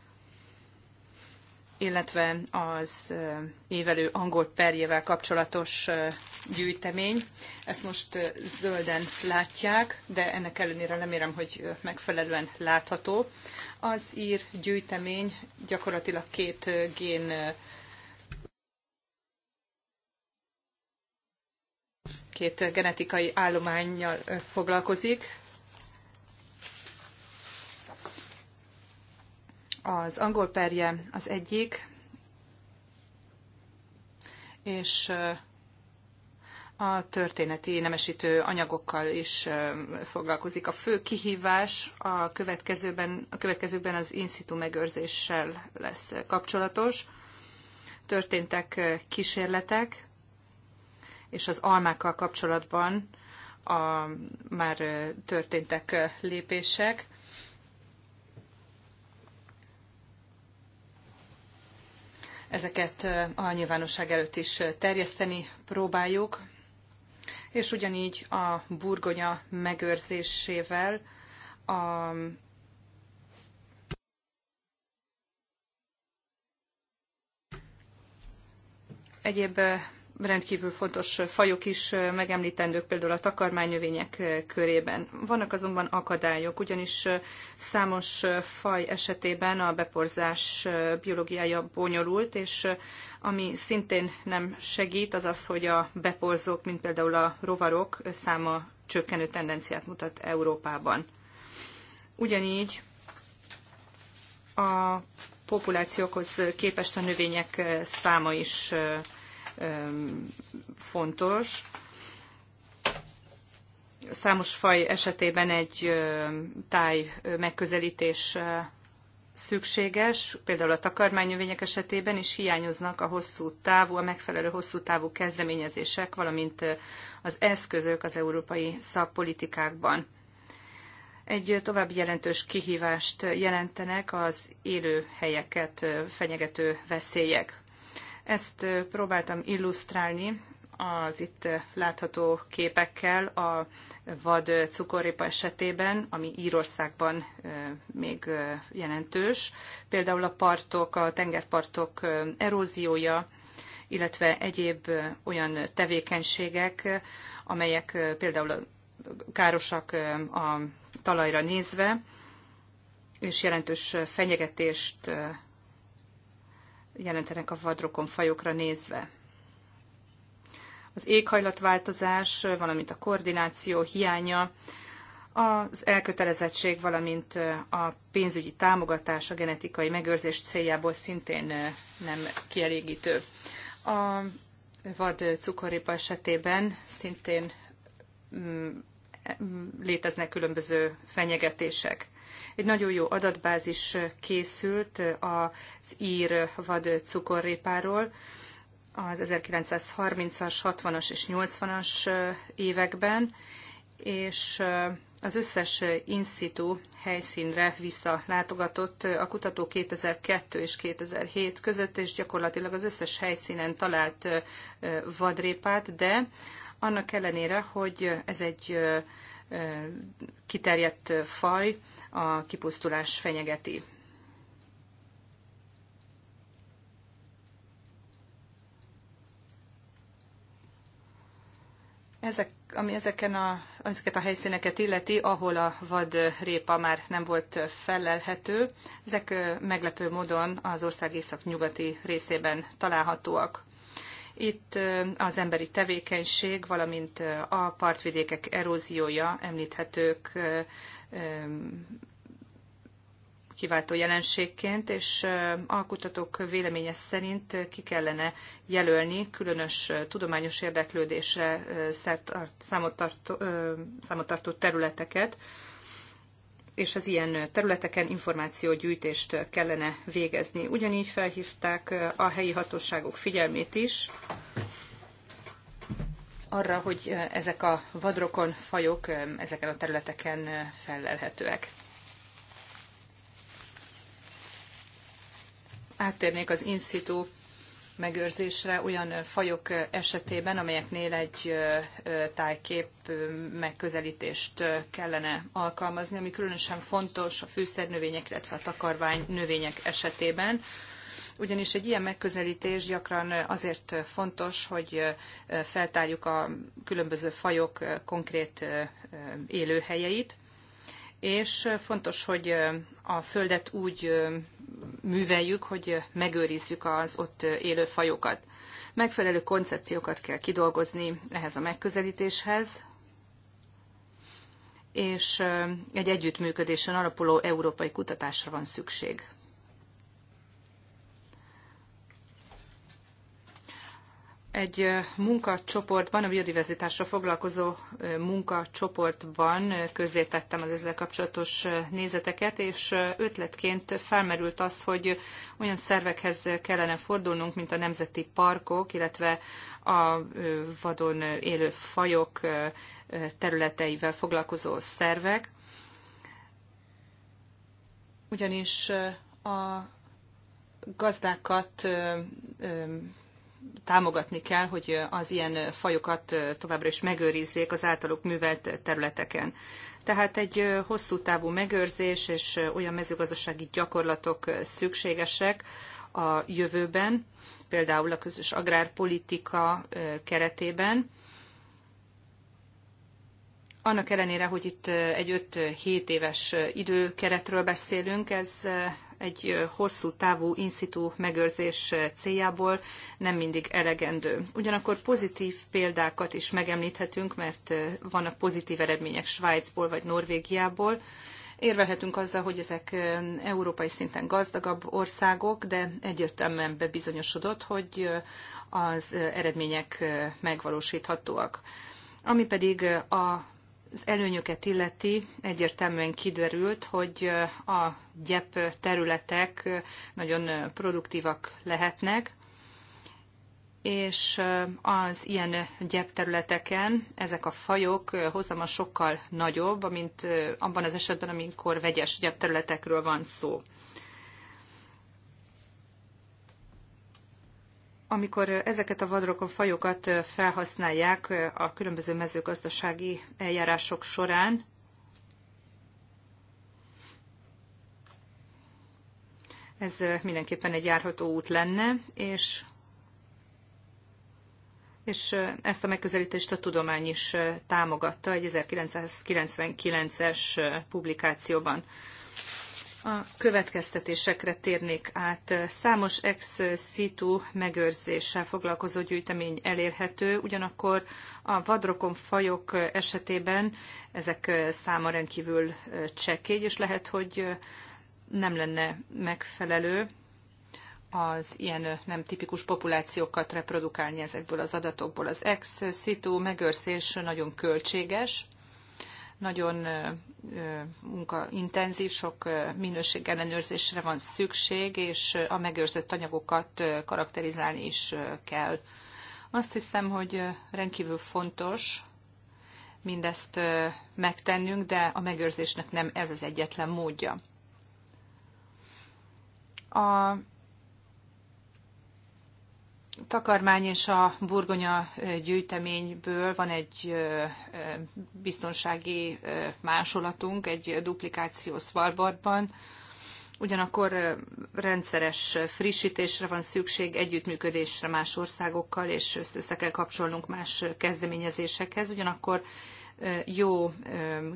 illetve az évelő angol perjével kapcsolatos gyűjtemény. Ezt most zölden látják, de ennek ellenére remélem, hogy megfelelően látható. Az ír gyűjtemény gyakorlatilag két gén két genetikai állományjal foglalkozik. Az angol perje az egyik, és a történeti nemesítő anyagokkal is foglalkozik. A fő kihívás a következőben, a következőkben az in situ megőrzéssel lesz kapcsolatos. Történtek kísérletek, és az almákkal kapcsolatban a, már történtek lépések. Ezeket a nyilvánosság előtt is terjeszteni próbáljuk, és ugyanígy a burgonya megőrzésével a, egyéb rendkívül fontos fajok is megemlítendők, például a takarmánynövények körében. Vannak azonban akadályok, ugyanis számos faj esetében a beporzás biológiája bonyolult, és ami szintén nem segít, az az, hogy a beporzók, mint például a rovarok száma csökkenő tendenciát mutat Európában. Ugyanígy a populációkhoz képest a növények száma is fontos. Számos faj esetében egy táj megközelítés szükséges, például a takarmánynövények esetében is hiányoznak a hosszú távú, a megfelelő hosszú távú kezdeményezések, valamint az eszközök az európai szakpolitikákban. Egy további jelentős kihívást jelentenek az élőhelyeket fenyegető veszélyek. Ezt próbáltam illusztrálni az itt látható képekkel a vad cukorrépa esetében, ami Írországban még jelentős. Például a partok, a tengerpartok eróziója, illetve egyéb olyan tevékenységek, amelyek például károsak a talajra nézve, és jelentős fenyegetést jelentenek a vadrokon fajokra nézve. Az éghajlatváltozás, valamint a koordináció hiánya, az elkötelezettség, valamint a pénzügyi támogatás a genetikai megőrzés céljából szintén nem kielégítő. A vad cukoripa esetében szintén mm, léteznek különböző fenyegetések. Egy nagyon jó adatbázis készült az ír vad cukorrépáról az 1930-as, 60-as és 80-as években, és az összes situ helyszínre visszalátogatott a kutató 2002 és 2007 között, és gyakorlatilag az összes helyszínen talált vadrépát, de annak ellenére, hogy ez egy kiterjedt faj, a kipusztulás fenyegeti. Ezek, ami ezeken a, ezeket a helyszíneket illeti, ahol a vad répa már nem volt felelhető, ezek meglepő módon az ország észak-nyugati részében találhatóak. Itt az emberi tevékenység, valamint a partvidékek eróziója említhetők kiváltó jelenségként, és a kutatók véleménye szerint ki kellene jelölni különös tudományos érdeklődésre számot tartó területeket, és az ilyen területeken információgyűjtést kellene végezni. Ugyanígy felhívták a helyi hatóságok figyelmét is arra, hogy ezek a vadrokon fajok ezeken a területeken fellelhetőek. Áttérnék az in megőrzésre olyan fajok esetében, amelyeknél egy tájkép megközelítést kellene alkalmazni, ami különösen fontos a fűszernövények, illetve a takarvány növények esetében ugyanis egy ilyen megközelítés gyakran azért fontos, hogy feltárjuk a különböző fajok konkrét élőhelyeit, és fontos, hogy a földet úgy műveljük, hogy megőrizzük az ott élő fajokat. Megfelelő koncepciókat kell kidolgozni ehhez a megközelítéshez, és egy együttműködésen alapuló európai kutatásra van szükség. egy munkacsoportban, a biodiverzitásra foglalkozó munkacsoportban közzétettem az ezzel kapcsolatos nézeteket, és ötletként felmerült az, hogy olyan szervekhez kellene fordulnunk, mint a nemzeti parkok, illetve a vadon élő fajok területeivel foglalkozó szervek. Ugyanis a gazdákat támogatni kell, hogy az ilyen fajokat továbbra is megőrizzék az általuk művelt területeken. Tehát egy hosszú távú megőrzés és olyan mezőgazdasági gyakorlatok szükségesek a jövőben, például a közös agrárpolitika keretében. Annak ellenére, hogy itt egy 5-7 éves időkeretről beszélünk, ez egy hosszú távú in-situ megőrzés céljából nem mindig elegendő. Ugyanakkor pozitív példákat is megemlíthetünk, mert vannak pozitív eredmények Svájcból vagy Norvégiából, érvelhetünk azzal, hogy ezek európai szinten gazdagabb országok, de egyértelműen bebizonyosodott, hogy az eredmények megvalósíthatóak. Ami pedig a az előnyöket illeti, egyértelműen kiderült, hogy a gyep területek nagyon produktívak lehetnek, és az ilyen gyep területeken ezek a fajok hozama sokkal nagyobb, mint abban az esetben, amikor vegyes gyep területekről van szó. amikor ezeket a vadrokon fajokat felhasználják a különböző mezőgazdasági eljárások során, ez mindenképpen egy járható út lenne, és, és ezt a megközelítést a tudomány is támogatta egy 1999-es publikációban. A következtetésekre térnék át. Számos ex situ megőrzéssel foglalkozó gyűjtemény elérhető, ugyanakkor a vadrokon fajok esetében ezek száma rendkívül csekély, és lehet, hogy nem lenne megfelelő az ilyen nem tipikus populációkat reprodukálni ezekből az adatokból. Az ex situ megőrzés nagyon költséges, nagyon munkaintenzív, sok ellenőrzésre van szükség, és a megőrzött anyagokat karakterizálni is kell. Azt hiszem, hogy rendkívül fontos mindezt megtennünk, de a megőrzésnek nem ez az egyetlen módja. A takarmány és a burgonya gyűjteményből van egy biztonsági másolatunk, egy duplikáció Svalbardban. Ugyanakkor rendszeres frissítésre van szükség, együttműködésre más országokkal, és ezt össze kell kapcsolnunk más kezdeményezésekhez. Ugyanakkor jó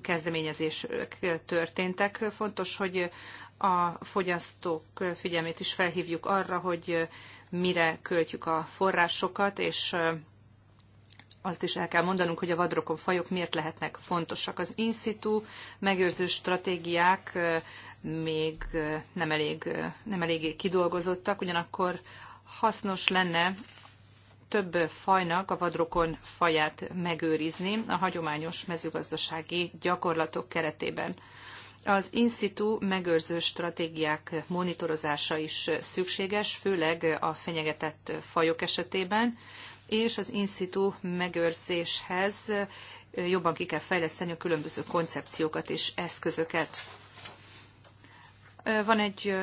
kezdeményezések történtek. Fontos, hogy a fogyasztók figyelmét is felhívjuk arra, hogy mire költjük a forrásokat, és azt is el kell mondanunk, hogy a vadrokon fajok miért lehetnek fontosak. Az in-situ megőrző stratégiák még nem elég, nem elég kidolgozottak, ugyanakkor hasznos lenne több fajnak a vadrokon faját megőrizni a hagyományos mezőgazdasági gyakorlatok keretében. Az in-situ megőrző stratégiák monitorozása is szükséges, főleg a fenyegetett fajok esetében, és az in-situ megőrzéshez jobban ki kell fejleszteni a különböző koncepciókat és eszközöket. Van egy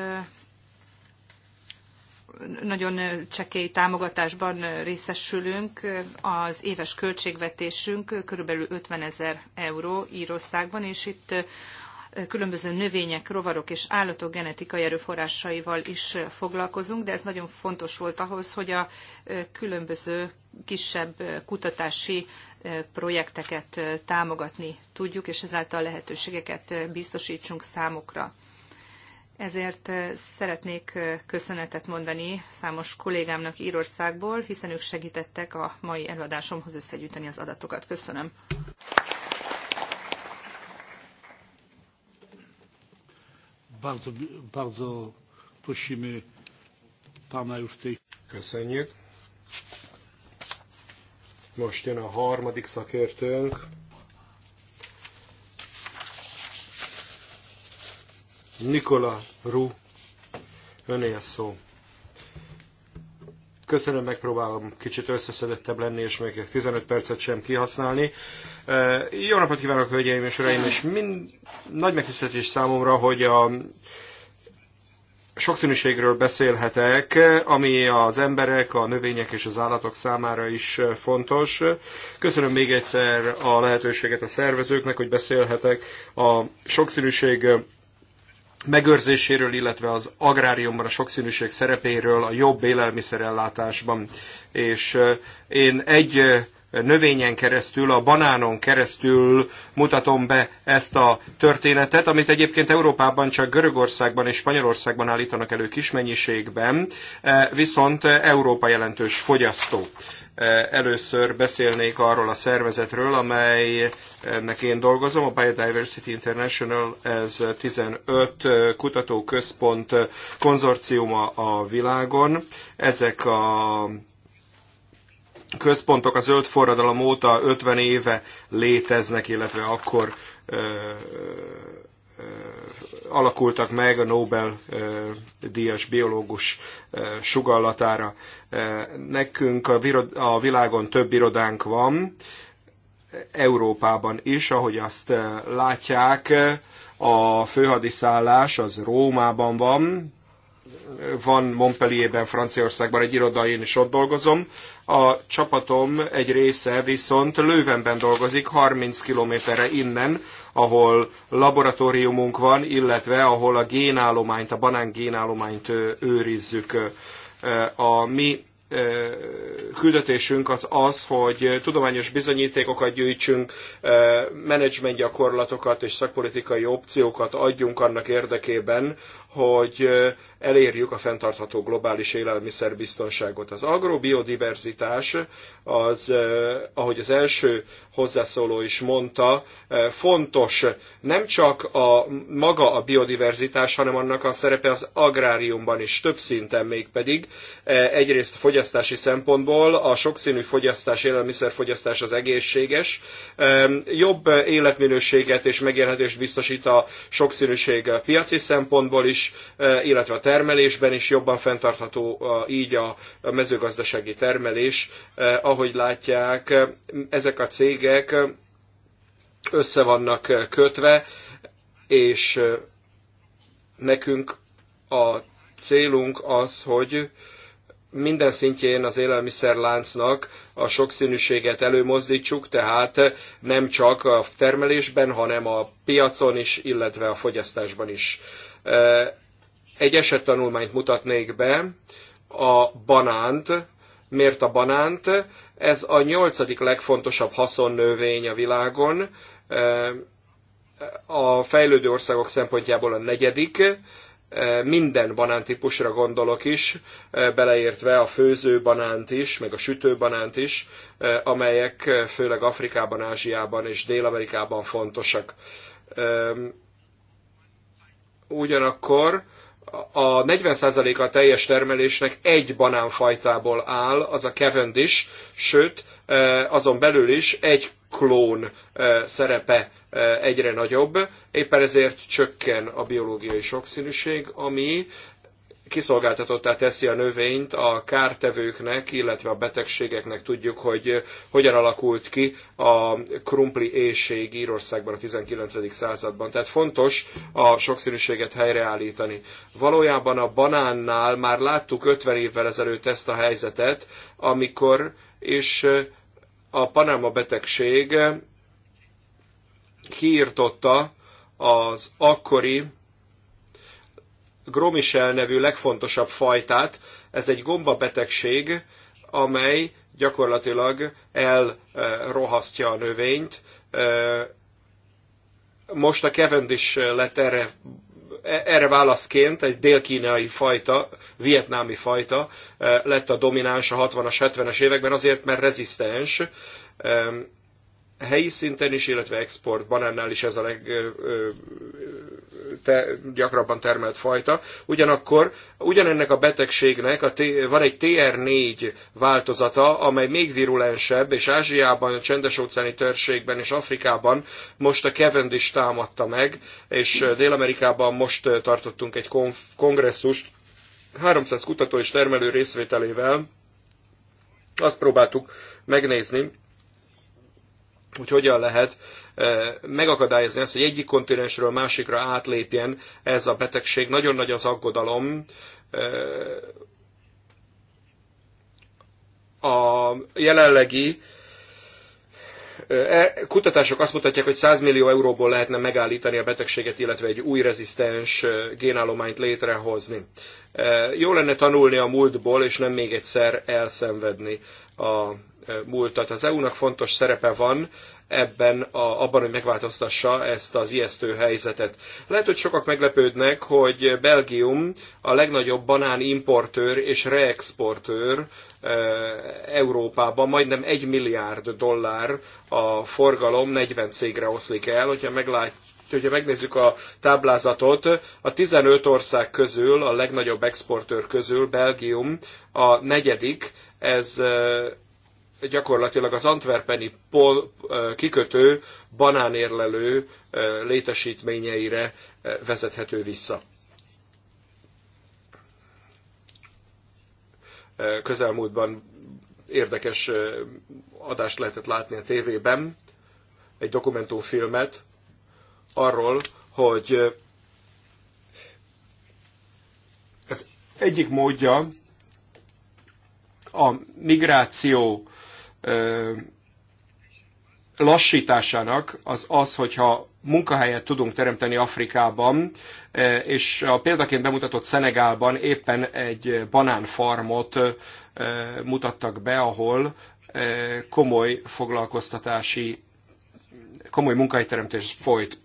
nagyon csekély támogatásban részesülünk. Az éves költségvetésünk körülbelül 50 ezer euró Írországban, és itt különböző növények, rovarok és állatok genetikai erőforrásaival is foglalkozunk, de ez nagyon fontos volt ahhoz, hogy a különböző kisebb kutatási projekteket támogatni tudjuk, és ezáltal lehetőségeket biztosítsunk számukra. Ezért szeretnék köszönetet mondani számos kollégámnak Írországból, hiszen ők segítettek a mai előadásomhoz összegyűjteni az adatokat. Köszönöm. Bardzo, bardzo prosimy Pana już tej... Köszönjük. Most jön a harmadik szakértőnk. Nikola Ru, önél szó. Köszönöm, megpróbálom kicsit összeszedettebb lenni, és még 15 percet sem kihasználni. Jó napot kívánok, hölgyeim és uraim, és mind nagy megtiszteltetés számomra, hogy a sokszínűségről beszélhetek, ami az emberek, a növények és az állatok számára is fontos. Köszönöm még egyszer a lehetőséget a szervezőknek, hogy beszélhetek a sokszínűség megőrzéséről, illetve az agráriumban a sokszínűség szerepéről, a jobb élelmiszerellátásban. És én egy növényen keresztül, a banánon keresztül mutatom be ezt a történetet, amit egyébként Európában csak Görögországban és Spanyolországban állítanak elő kis mennyiségben, e, viszont Európa jelentős fogyasztó. E, először beszélnék arról a szervezetről, amelynek én dolgozom, a Biodiversity International, ez 15 kutatóközpont konzorciuma a világon. Ezek a központok a zöld forradalom óta 50 éve léteznek, illetve akkor ö, ö, alakultak meg a Nobel-díjas biológus ö, sugallatára. Nekünk a, virod, a világon több irodánk van, Európában is, ahogy azt látják, a főhadiszállás az Rómában van, van Montpellierben, Franciaországban egy iroda, én is ott dolgozom. A csapatom egy része viszont Lővenben dolgozik, 30 kilométerre innen, ahol laboratóriumunk van, illetve ahol a génállományt, a banán génállományt őrizzük. A mi küldetésünk az az, hogy tudományos bizonyítékokat gyűjtsünk, menedzsment gyakorlatokat és szakpolitikai opciókat adjunk annak érdekében, hogy elérjük a fenntartható globális élelmiszerbiztonságot. Az agrobiodiverzitás, az, ahogy az első hozzászóló is mondta, fontos nem csak a maga a biodiverzitás, hanem annak a szerepe az agráriumban is, több szinten mégpedig. Egyrészt fogyasztási szempontból a sokszínű fogyasztás, élelmiszerfogyasztás az egészséges, jobb életminőséget és megélhetést biztosít a sokszínűség piaci szempontból is, is, eh, illetve a termelésben is jobban fenntartható így a mezőgazdasági termelés. Eh, ahogy látják, ezek a cégek össze vannak eh, kötve, és nekünk a célunk az, hogy minden szintjén az élelmiszerláncnak a sokszínűséget előmozdítsuk, tehát nem csak a termelésben, hanem a piacon is, illetve a fogyasztásban is. Egy esettanulmányt mutatnék be, a banánt. Miért a banánt? Ez a nyolcadik legfontosabb haszonnövény a világon. A fejlődő országok szempontjából a negyedik minden banántípusra gondolok is, beleértve a főző banánt is, meg a sütő banánt is, amelyek főleg Afrikában, Ázsiában és Dél-Amerikában fontosak ugyanakkor a 40%-a teljes termelésnek egy banánfajtából áll, az a Cavendish, sőt, e, azon belül is egy klón e, szerepe e, egyre nagyobb, éppen ezért csökken a biológiai sokszínűség, ami kiszolgáltatottá teszi a növényt a kártevőknek, illetve a betegségeknek. Tudjuk, hogy hogyan alakult ki a krumpli éjség Írországban a 19. században. Tehát fontos a sokszínűséget helyreállítani. Valójában a banánnál már láttuk 50 évvel ezelőtt ezt a helyzetet, amikor is a Panama betegség kiirtotta az akkori gromisel nevű legfontosabb fajtát. Ez egy gombabetegség, amely gyakorlatilag elrohasztja a növényt. Most a Cavendish lett erre, erre válaszként egy dél-kínai fajta, vietnámi fajta lett a domináns a 60-as, 70-es években azért, mert rezisztens. Helyi szinten is, illetve exportban, ennél is ez a leg te, gyakrabban termelt fajta. Ugyanakkor ugyanennek a betegségnek a t- van egy TR4 változata, amely még virulensebb, és Ázsiában, a csendes-óceáni Törzségben és Afrikában most a Cavendish támadta meg, és Dél-Amerikában most tartottunk egy kongresszust, 300 kutató és termelő részvételével azt próbáltuk megnézni, hogy hogyan lehet eh, megakadályozni ezt, hogy egyik kontinensről másikra átlépjen ez a betegség. Nagyon nagy az aggodalom. Eh, a jelenlegi eh, e, kutatások azt mutatják, hogy 100 millió euróból lehetne megállítani a betegséget, illetve egy új rezisztens génállományt létrehozni. Jó lenne tanulni a múltból, és nem még egyszer elszenvedni a múltat. Az EU-nak fontos szerepe van ebben, a, abban, hogy megváltoztassa ezt az ijesztő helyzetet. Lehet, hogy sokak meglepődnek, hogy Belgium a legnagyobb banán importőr és reexportőr Európában, majdnem egy milliárd dollár a forgalom 40 cégre oszlik el, hogyha meglátjuk hogyha megnézzük a táblázatot, a 15 ország közül, a legnagyobb exportőr közül Belgium a negyedik, ez gyakorlatilag az antwerpeni pol, kikötő banánérlelő létesítményeire vezethető vissza. Közelmúltban érdekes adást lehetett látni a tévében, egy dokumentumfilmet arról, hogy ez egyik módja a migráció lassításának az az, hogyha munkahelyet tudunk teremteni Afrikában, és a példaként bemutatott Szenegálban éppen egy banánfarmot mutattak be, ahol komoly foglalkoztatási, komoly munkahelyteremtés folyt.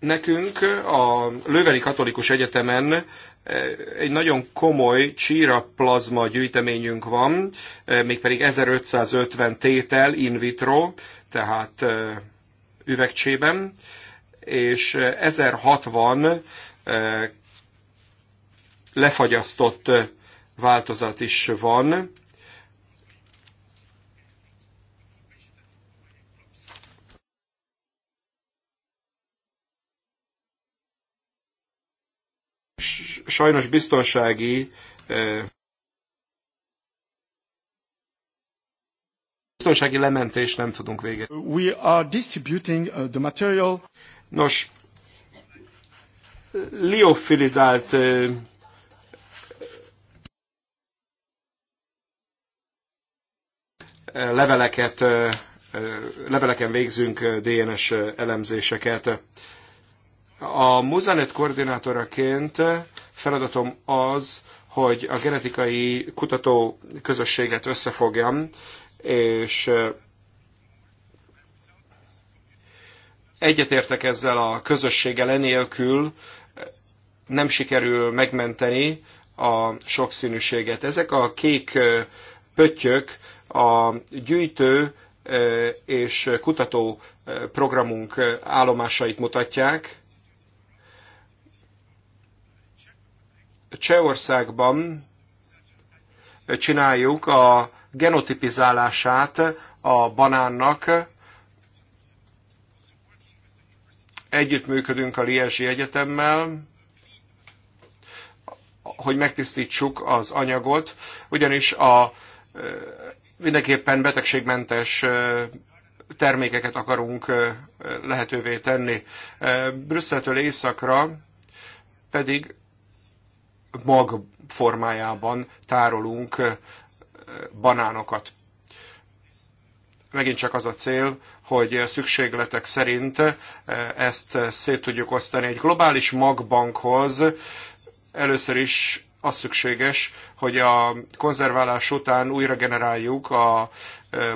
Nekünk a Löveni Katolikus Egyetemen egy nagyon komoly csíra plazma gyűjteményünk van, eh, mégpedig 1550 tétel in vitro, tehát eh, üvegcsében, és 1060 eh, lefagyasztott változat is van, sajnos biztonsági biztonsági lementés nem tudunk végezni. We are distributing uh, the material. Nos, liofilizált leveleket, leveleken végzünk DNS elemzéseket. A Muzanet koordinátoraként Feladatom az, hogy a genetikai kutató közösséget összefogjam, és egyetértek ezzel a közösséggel, enélkül nem sikerül megmenteni a sokszínűséget. Ezek a kék pöttyök a gyűjtő és kutató programunk állomásait mutatják, Csehországban csináljuk a genotipizálását a banánnak. Együttműködünk a Liezsi Egyetemmel, hogy megtisztítsuk az anyagot, ugyanis a mindenképpen betegségmentes termékeket akarunk lehetővé tenni. Brüsszeltől északra pedig mag formájában tárolunk banánokat. Megint csak az a cél, hogy szükségletek szerint ezt szét tudjuk osztani egy globális magbankhoz. Először is az szükséges, hogy a konzerválás után újra generáljuk a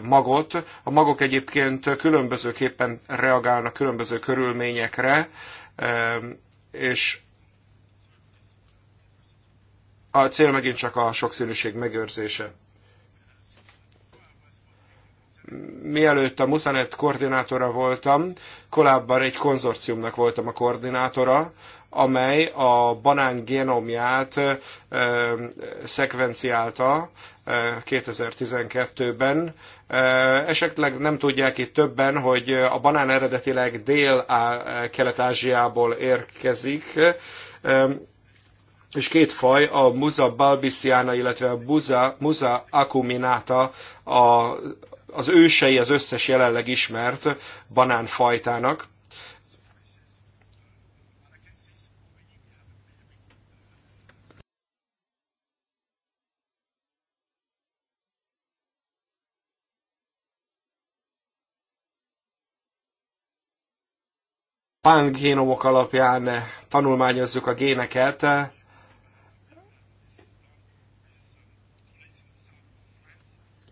magot. A magok egyébként különbözőképpen reagálnak különböző körülményekre, és a cél megint csak a sokszínűség megőrzése. Mielőtt a Muszanet koordinátora voltam, korábban egy konzorciumnak voltam a koordinátora, amely a banán genomját ö, szekvenciálta 2012-ben. Esetleg nem tudják itt többen, hogy a banán eredetileg Dél-Kelet-Ázsiából érkezik, és két faj, a Musa balbisiana, illetve a Musa, Musa acuminata, a, az ősei az összes jelenleg ismert banánfajtának. génomok alapján tanulmányozzuk a géneket,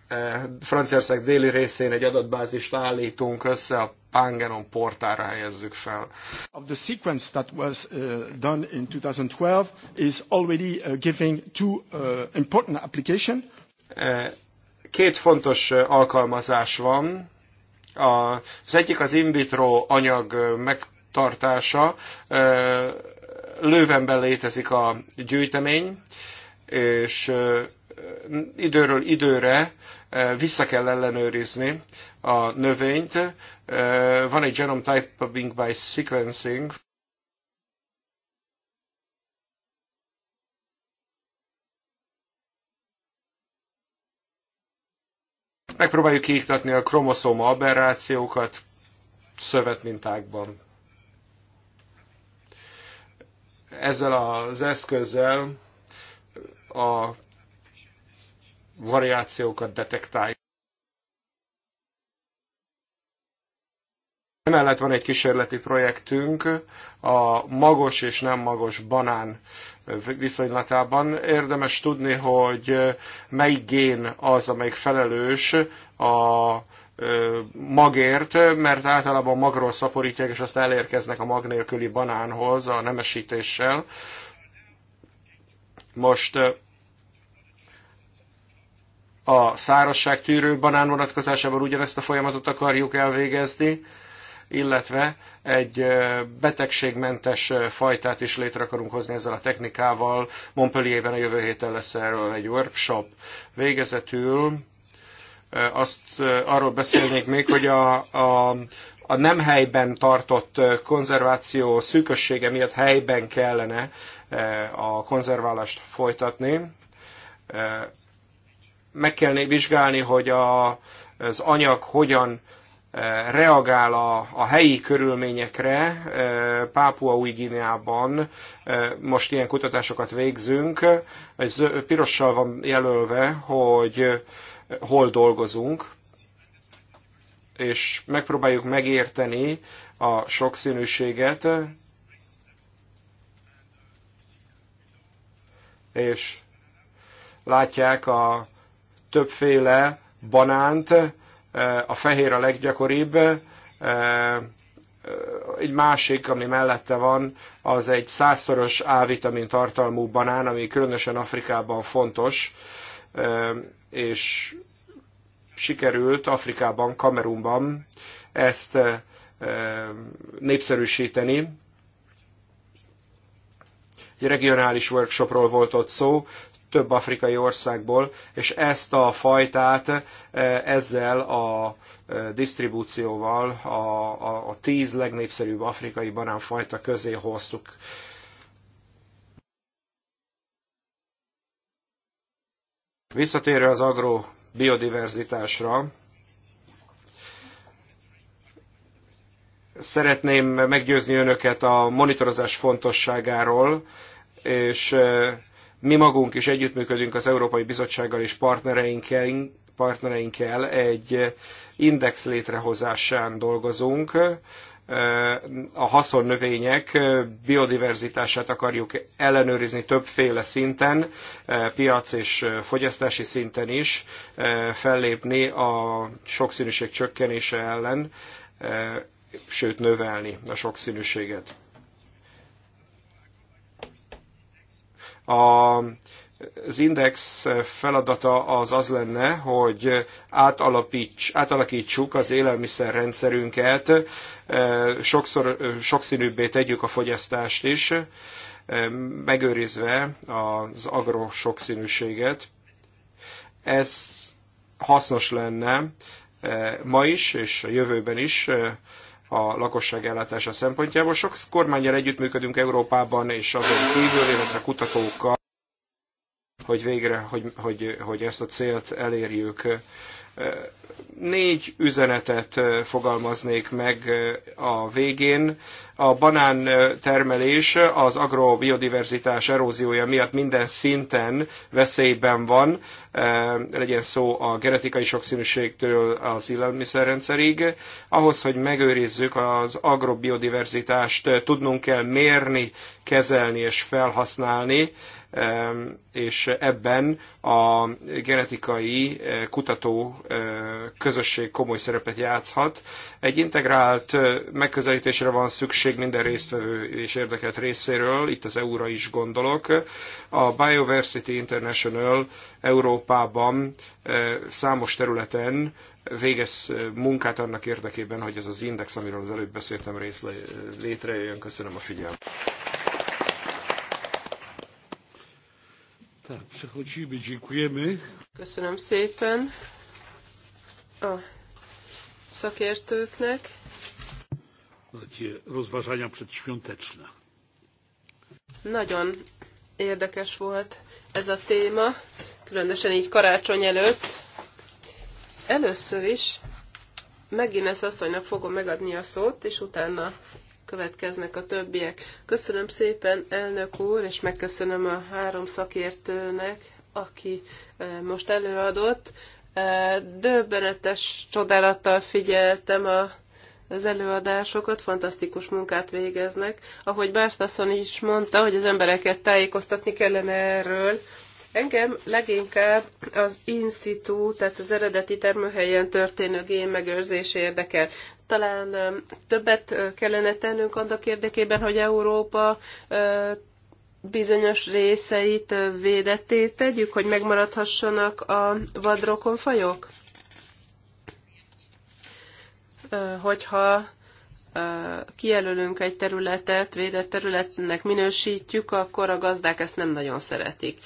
Eh, Franciaország déli részén egy adatbázist állítunk össze, a Pangenon portára helyezzük fel. Of the sequence that was uh, done in 2012 is already uh, giving two uh, important application. Két fontos alkalmazás van. Az egyik az in vitro anyag megtartása. Lővenben létezik a gyűjtemény, és időről időre vissza kell ellenőrizni a növényt. Van egy genome typing by sequencing, megpróbáljuk kiiktatni a kromoszoma aberrációkat szövetmintákban. Ezzel az eszközzel a variációkat detektáljuk. Emellett van egy kísérleti projektünk a magos és nem magos banán viszonylatában. Érdemes tudni, hogy melyik gén az, amelyik felelős a magért, mert általában magról szaporítják, és azt elérkeznek a mag nélküli banánhoz a nemesítéssel. Most a szárazságtűrő banán vonatkozásában ugyanezt a folyamatot akarjuk elvégezni, illetve egy betegségmentes fajtát is létre akarunk hozni ezzel a technikával. Montpellierben a jövő héten lesz erről egy workshop. Végezetül azt arról beszélnék még, hogy a, a, a nem helyben tartott konzerváció szűkössége miatt helyben kellene a konzerválást folytatni meg kell vizsgálni, hogy a, az anyag hogyan eh, reagál a, a helyi körülményekre. Eh, Pápua új Guineában. Eh, most ilyen kutatásokat végzünk. Ez pirossal van jelölve, hogy hol dolgozunk, és megpróbáljuk megérteni a sokszínűséget, és látják a többféle banánt, eh, a fehér a leggyakoribb, eh, eh, egy másik, ami mellette van, az egy százszoros A-vitamin tartalmú banán, ami különösen Afrikában fontos, és sikerült Afrikában, Kamerunban ezt népszerűsíteni. Egy regionális workshopról volt ott szó, több afrikai országból, és ezt a fajtát e, ezzel a e, disztribúcióval a, a, a tíz legnépszerűbb afrikai banánfajta közé hoztuk. Visszatérve az agrobiodiverzitásra szeretném meggyőzni önöket a monitorozás fontosságáról, és e, mi magunk is együttműködünk az Európai Bizottsággal és partnereinkkel, partnereinkkel egy index létrehozásán dolgozunk, a növények biodiverzitását akarjuk ellenőrizni többféle szinten, piac és fogyasztási szinten is, fellépni a sokszínűség csökkenése ellen, sőt növelni a sokszínűséget. A, az index feladata az az lenne, hogy átalapíts, átalakítsuk az élelmiszerrendszerünket, e, sokszor, e, sokszínűbbé tegyük a fogyasztást is, e, megőrizve az agro sokszínűséget. Ez hasznos lenne ma is, és a jövőben is a lakosság ellátása szempontjából. Sok kormányjal együttműködünk Európában és azon kívül, illetve kutatókkal, hogy végre, hogy, hogy, hogy ezt a célt elérjük négy üzenetet fogalmaznék meg a végén. A banán termelés az agrobiodiverzitás eróziója miatt minden szinten veszélyben van, legyen szó a genetikai sokszínűségtől az élelmiszerrendszerig. Ahhoz, hogy megőrizzük az agrobiodiverzitást, tudnunk kell mérni, kezelni és felhasználni, és ebben a genetikai kutatók közösség komoly szerepet játszhat. Egy integrált megközelítésre van szükség minden résztvevő és érdekelt részéről, itt az EU-ra is gondolok. A Biodiversity International Európában számos területen végez munkát annak érdekében, hogy ez az index, amiről az előbb beszéltem, rész létrejöjjön. Köszönöm a figyelmet. Köszönöm szépen a szakértőknek. Rozważania przedświąteczne. Nagyon érdekes volt ez a téma, különösen így karácsony előtt. Először is megint ezt asszonynak fogom megadni a szót, és utána következnek a többiek. Köszönöm szépen, elnök úr, és megköszönöm a három szakértőnek, aki eh, most előadott. Döbbenetes csodálattal figyeltem a az előadásokat, fantasztikus munkát végeznek. Ahogy Bártaszon is mondta, hogy az embereket tájékoztatni kellene erről, Engem leginkább az in situ, tehát az eredeti termőhelyen történő gén megőrzés érdekel. Talán többet kellene tennünk annak érdekében, hogy Európa bizonyos részeit védetté tegyük, hogy megmaradhassanak a vadrokonfajok? Hogyha kijelölünk egy területet, védett területnek minősítjük, akkor a gazdák ezt nem nagyon szeretik.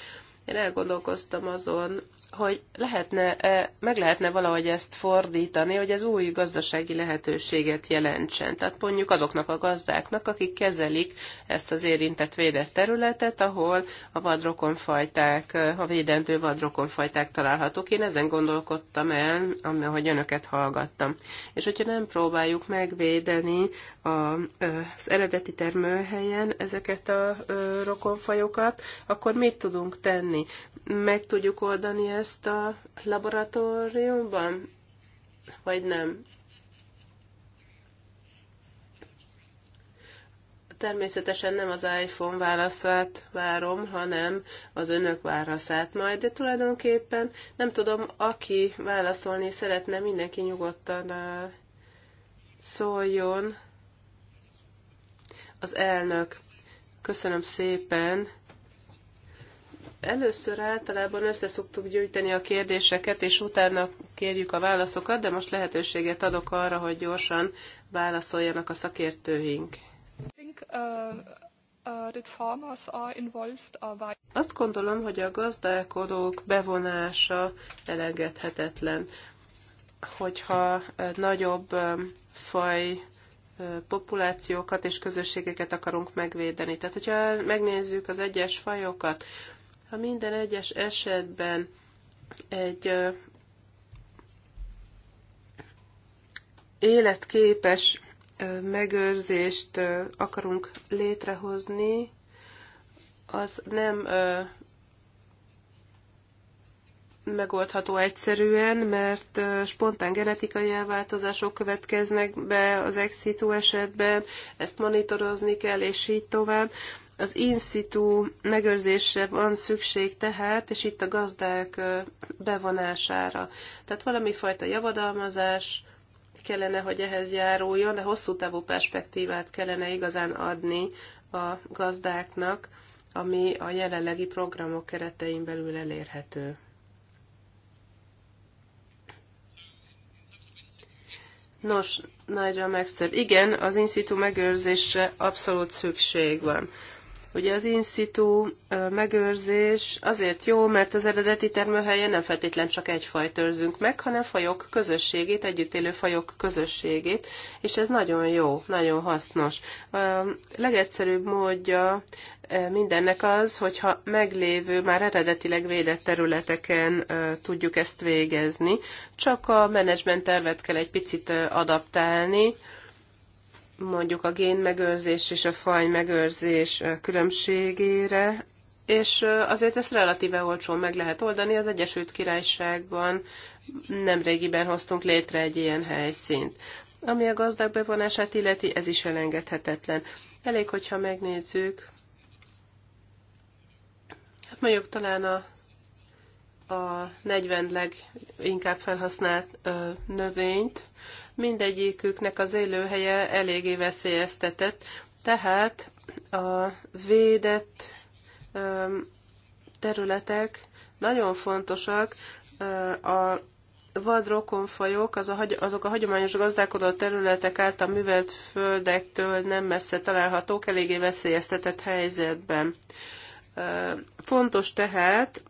Én elgondolkoztam azon, hogy lehetne, e, meg lehetne valahogy ezt fordítani, hogy ez új gazdasági lehetőséget jelentsen. Tehát mondjuk azoknak a gazdáknak, akik kezelik ezt az érintett védett területet, ahol a vadrokonfajták, e, a védendő vadrokonfajták találhatók. Én ezen gondolkodtam el, ahogy önöket hallgattam. És hogyha nem próbáljuk megvédeni e, az eredeti termőhelyen ezeket a rokonfajokat, akkor mit tudunk tenni? Meg tudjuk oldani ezt, ezt a laboratóriumban, vagy nem? Természetesen nem az iPhone válaszát várom, hanem az önök válaszát majd, de tulajdonképpen nem tudom, aki válaszolni szeretne, mindenki nyugodtan szóljon. Az elnök, köszönöm szépen Először általában össze szoktuk gyűjteni a kérdéseket, és utána kérjük a válaszokat, de most lehetőséget adok arra, hogy gyorsan válaszoljanak a szakértőink. Azt gondolom, hogy a gazdálkodók bevonása elengedhetetlen. Hogyha nagyobb faj populációkat és közösségeket akarunk megvédeni. Tehát, hogyha megnézzük az egyes fajokat, ha minden egyes esetben egy életképes megőrzést akarunk létrehozni, az nem megoldható egyszerűen, mert spontán genetikai elváltozások következnek be az exitú esetben, ezt monitorozni kell, és így tovább. Az in situ megőrzésre van szükség tehát, és itt a gazdák bevonására. Tehát valami fajta javadalmazás kellene, hogy ehhez járuljon, de hosszú távú perspektívát kellene igazán adni a gazdáknak, ami a jelenlegi programok keretein belül elérhető. Nos, Nigel Maxwell, igen, az in situ megőrzésre abszolút szükség van. Ugye az in situ megőrzés azért jó, mert az eredeti termőhelyen nem feltétlen csak egy fajt őrzünk meg, hanem fajok közösségét, együtt élő fajok közösségét, és ez nagyon jó, nagyon hasznos. A legegyszerűbb módja mindennek az, hogyha meglévő, már eredetileg védett területeken tudjuk ezt végezni, csak a menedzsment tervet kell egy picit adaptálni, mondjuk a génmegőrzés és a faj megőrzés különbségére, és azért ezt relatíve olcsón meg lehet oldani. Az Egyesült Királyságban nemrégiben hoztunk létre egy ilyen helyszínt. Ami a gazdag bevonását illeti, ez is elengedhetetlen. Elég, hogyha megnézzük, hát mondjuk talán a, a 40 leginkább felhasznált ö, növényt, mindegyiküknek az élőhelye eléggé veszélyeztetett, tehát a védett területek nagyon fontosak, a vadrokonfajok, az a, azok a hagyományos gazdálkodó területek által művelt földektől nem messze találhatók, eléggé veszélyeztetett helyzetben. Fontos tehát,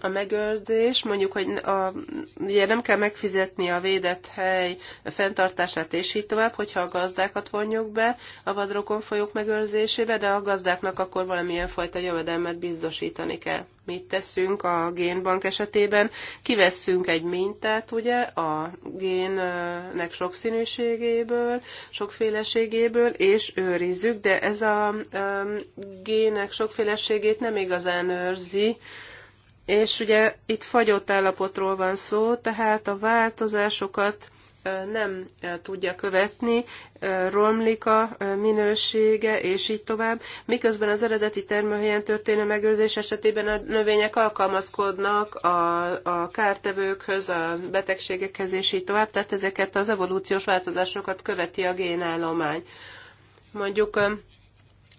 a megőrzés, mondjuk, hogy a, ugye nem kell megfizetni a védett hely fenntartását és így tovább, hogyha a gazdákat vonjuk be a vadrokon folyók megőrzésébe, de a gazdáknak akkor valamilyen fajta jövedelmet biztosítani kell. Mit teszünk a génbank esetében? Kivesszünk egy mintát, ugye, a génnek sokszínűségéből, sokféleségéből, és őrizzük, de ez a, a um, gének sokféleségét nem igazán őrzi, és ugye itt fagyott állapotról van szó, tehát a változásokat nem tudja követni, romlik a minősége, és így tovább, miközben az eredeti termőhelyen történő megőrzés esetében a növények alkalmazkodnak a, a kártevőkhöz, a betegségekhez, és így tovább, tehát ezeket az evolúciós változásokat követi a génállomány. Mondjuk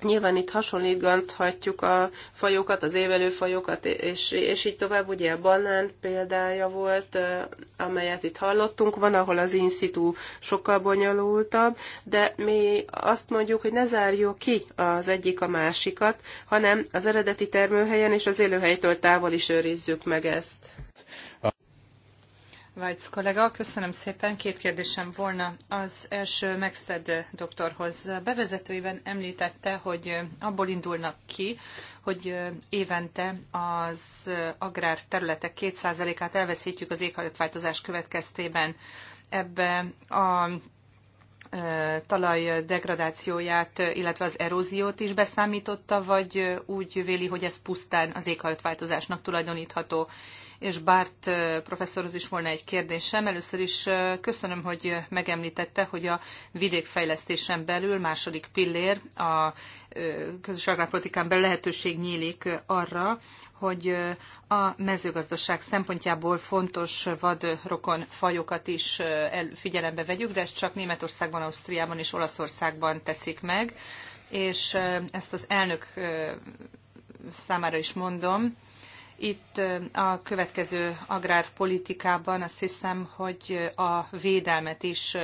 Nyilván itt hasonlítgathatjuk a fajokat, az évelő fajokat, és, és így tovább. Ugye a banán példája volt, eh, amelyet itt hallottunk, van, ahol az in-situ sokkal bonyolultabb, de mi azt mondjuk, hogy ne zárjuk ki az egyik a másikat, hanem az eredeti termőhelyen és az élőhelytől távol is őrizzük meg ezt. Vajc kollega, köszönöm szépen. Két kérdésem volna. Az első Megszed doktorhoz. Bevezetőiben említette, hogy abból indulnak ki, hogy évente az agrárterületek 2%-át elveszítjük az éghajlatváltozás következtében. Ebbe a e, talaj degradációját, illetve az eróziót is beszámította, vagy úgy véli, hogy ez pusztán az éghajlatváltozásnak tulajdonítható és Bárt professzorhoz is volna egy kérdésem. Először is köszönöm, hogy megemlítette, hogy a vidékfejlesztésen belül második pillér a közös agrárpolitikán belül lehetőség nyílik arra, hogy a mezőgazdaság szempontjából fontos vadrokon fajokat is figyelembe vegyük, de ezt csak Németországban, Ausztriában és Olaszországban teszik meg, és ezt az elnök számára is mondom, itt a következő agrárpolitikában azt hiszem, hogy a védelmet is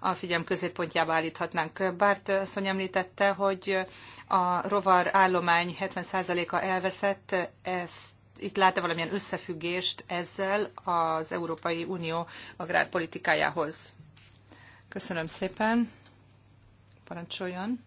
a figyelm középpontjába állíthatnánk. Bárt asszony említette, hogy a rovar állomány 70%-a elveszett, ezt itt lát-e valamilyen összefüggést ezzel az Európai Unió agrárpolitikájához? Köszönöm szépen. Parancsoljon.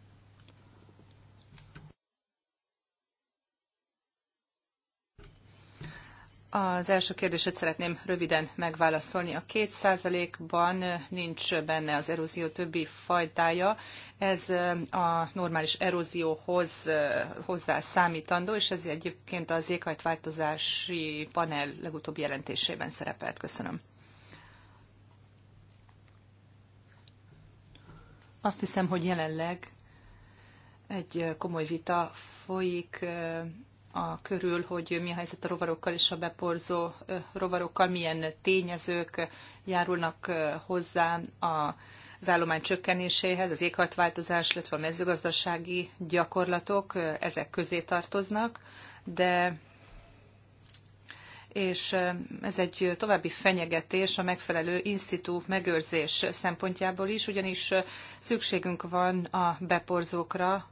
Az első kérdését szeretném röviden megválaszolni. A két százalékban nincs benne az erózió többi fajtája. Ez a normális erózióhoz hozzá számítandó, és ez egyébként az éghajtváltozási panel legutóbbi jelentésében szerepelt. Köszönöm. Azt hiszem, hogy jelenleg egy komoly vita folyik a körül, hogy mi a helyzet a rovarokkal és a beporzó rovarokkal, milyen tényezők járulnak hozzá a az állomány csökkenéséhez, az éghajlatváltozás, illetve a mezőgazdasági gyakorlatok ezek közé tartoznak, de és ez egy további fenyegetés a megfelelő institú megőrzés szempontjából is, ugyanis szükségünk van a beporzókra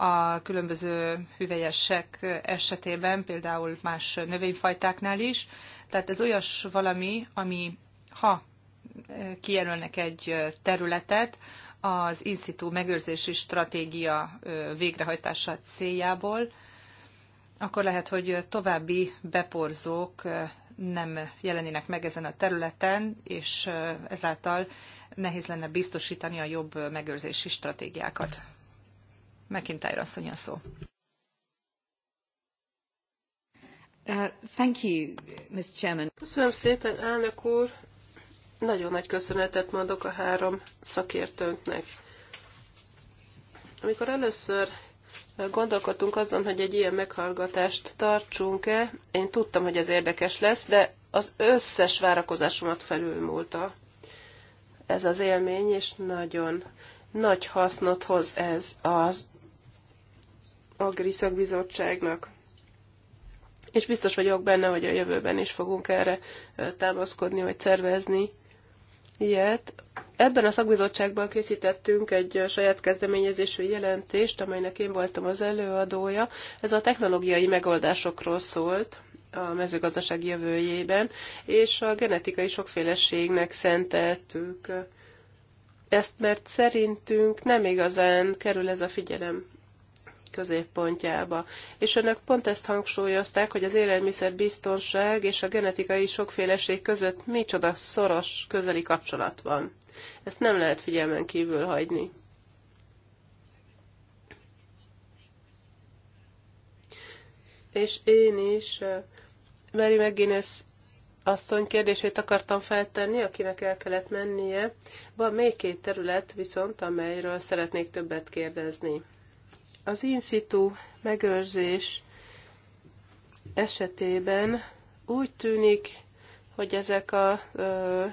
a különböző hüvelyesek esetében, például más növényfajtáknál is. Tehát ez olyas valami, ami ha eh, kijelölnek egy eh, területet, az in-situ megőrzési stratégia eh, végrehajtása céljából, akkor lehet, hogy további beporzók nem jelenének meg ezen a területen, és ezáltal nehéz lenne biztosítani a jobb megőrzési stratégiákat. McIntyre asszony a szó. Uh, thank you, Mr. Chairman. Köszönöm szépen, elnök úr. Nagyon nagy köszönetet mondok a három szakértőnknek. Amikor először gondolkodtunk azon, hogy egy ilyen meghallgatást tartsunk-e, én tudtam, hogy ez érdekes lesz, de az összes várakozásomat felülmúlta ez az élmény, és nagyon nagy hasznot hoz ez az Agri Szakbizottságnak. És biztos vagyok benne, hogy a jövőben is fogunk erre támaszkodni, vagy szervezni ilyet. Ebben a szakbizottságban készítettünk egy saját kezdeményezésű jelentést, amelynek én voltam az előadója. Ez a technológiai megoldásokról szólt a mezőgazdaság jövőjében, és a genetikai sokféleségnek szenteltük ezt, mert szerintünk nem igazán kerül ez a figyelem középpontjába. És önök pont ezt hangsúlyozták, hogy az élelmiszerbiztonság és a genetikai sokféleség között micsoda szoros közeli kapcsolat van. Ezt nem lehet figyelmen kívül hagyni. És én is eh, Mary McGuinness asszony kérdését akartam feltenni, akinek el kellett mennie. Van még két terület viszont, amelyről szeretnék többet kérdezni. Az in situ megőrzés esetében úgy tűnik, hogy ezek a ö,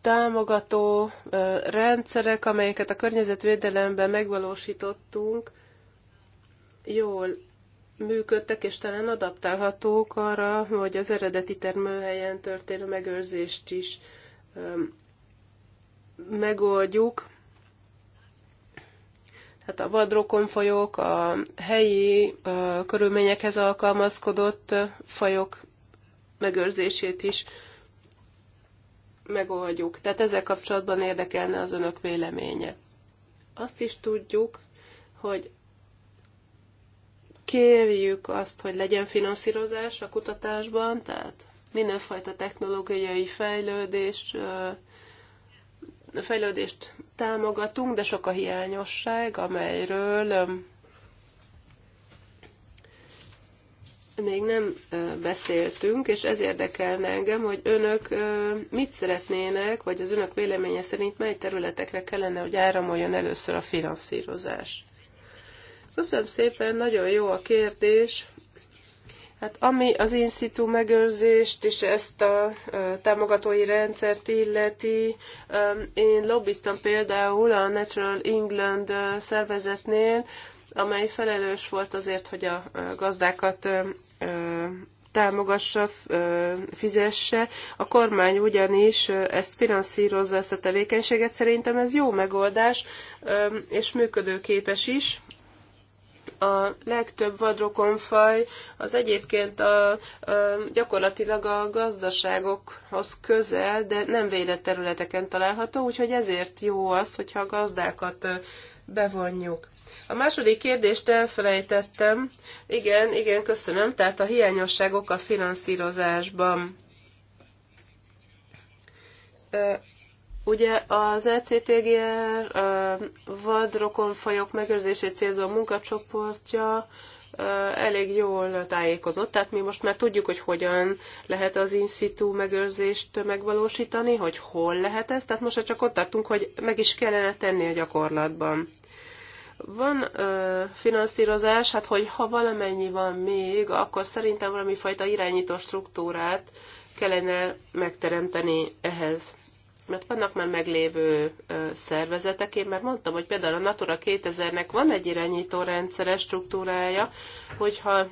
támogató ö, rendszerek, amelyeket a környezetvédelemben megvalósítottunk, jól működtek, és talán adaptálhatók arra, hogy az eredeti termőhelyen történő megőrzést is ö, megoldjuk, tehát a vadrokon folyók, a helyi a körülményekhez alkalmazkodott fajok megőrzését is megoldjuk. Tehát ezzel kapcsolatban érdekelne az önök véleménye. Azt is tudjuk, hogy kérjük azt, hogy legyen finanszírozás a kutatásban, tehát mindenfajta technológiai fejlődés, fejlődést támogatunk, de sok a hiányosság, amelyről még nem beszéltünk, és ez érdekelne engem, hogy önök mit szeretnének, vagy az önök véleménye szerint mely területekre kellene, hogy áramoljon először a finanszírozás. Köszönöm szépen, nagyon jó a kérdés, Hát ami az in-situ megőrzést és ezt a támogatói rendszert illeti, én lobbiztam például a Natural England szervezetnél, amely felelős volt azért, hogy a gazdákat támogassa, fizesse. A kormány ugyanis ezt finanszírozza, ezt a tevékenységet. Szerintem ez jó megoldás, és működőképes is, a legtöbb vadrokonfaj az egyébként a, a, gyakorlatilag a gazdaságokhoz közel, de nem védett területeken található, úgyhogy ezért jó az, hogyha a gazdákat bevonjuk. A második kérdést elfelejtettem. Igen, igen, köszönöm. Tehát a hiányosságok a finanszírozásban Ugye az e vadrokon fajok megőrzését célzó munkacsoportja elég jól tájékozott, tehát mi most már tudjuk, hogy hogyan lehet az in situ megőrzést megvalósítani, hogy hol lehet ez, tehát most csak ott tartunk, hogy meg is kellene tenni a gyakorlatban. Van ö, finanszírozás, hát hogy ha valamennyi van még, akkor szerintem valami fajta irányító struktúrát kellene megteremteni ehhez mert vannak már meglévő szervezetek. Én már mondtam, hogy például a Natura 2000-nek van egy irányító rendszeres struktúrája, hogyha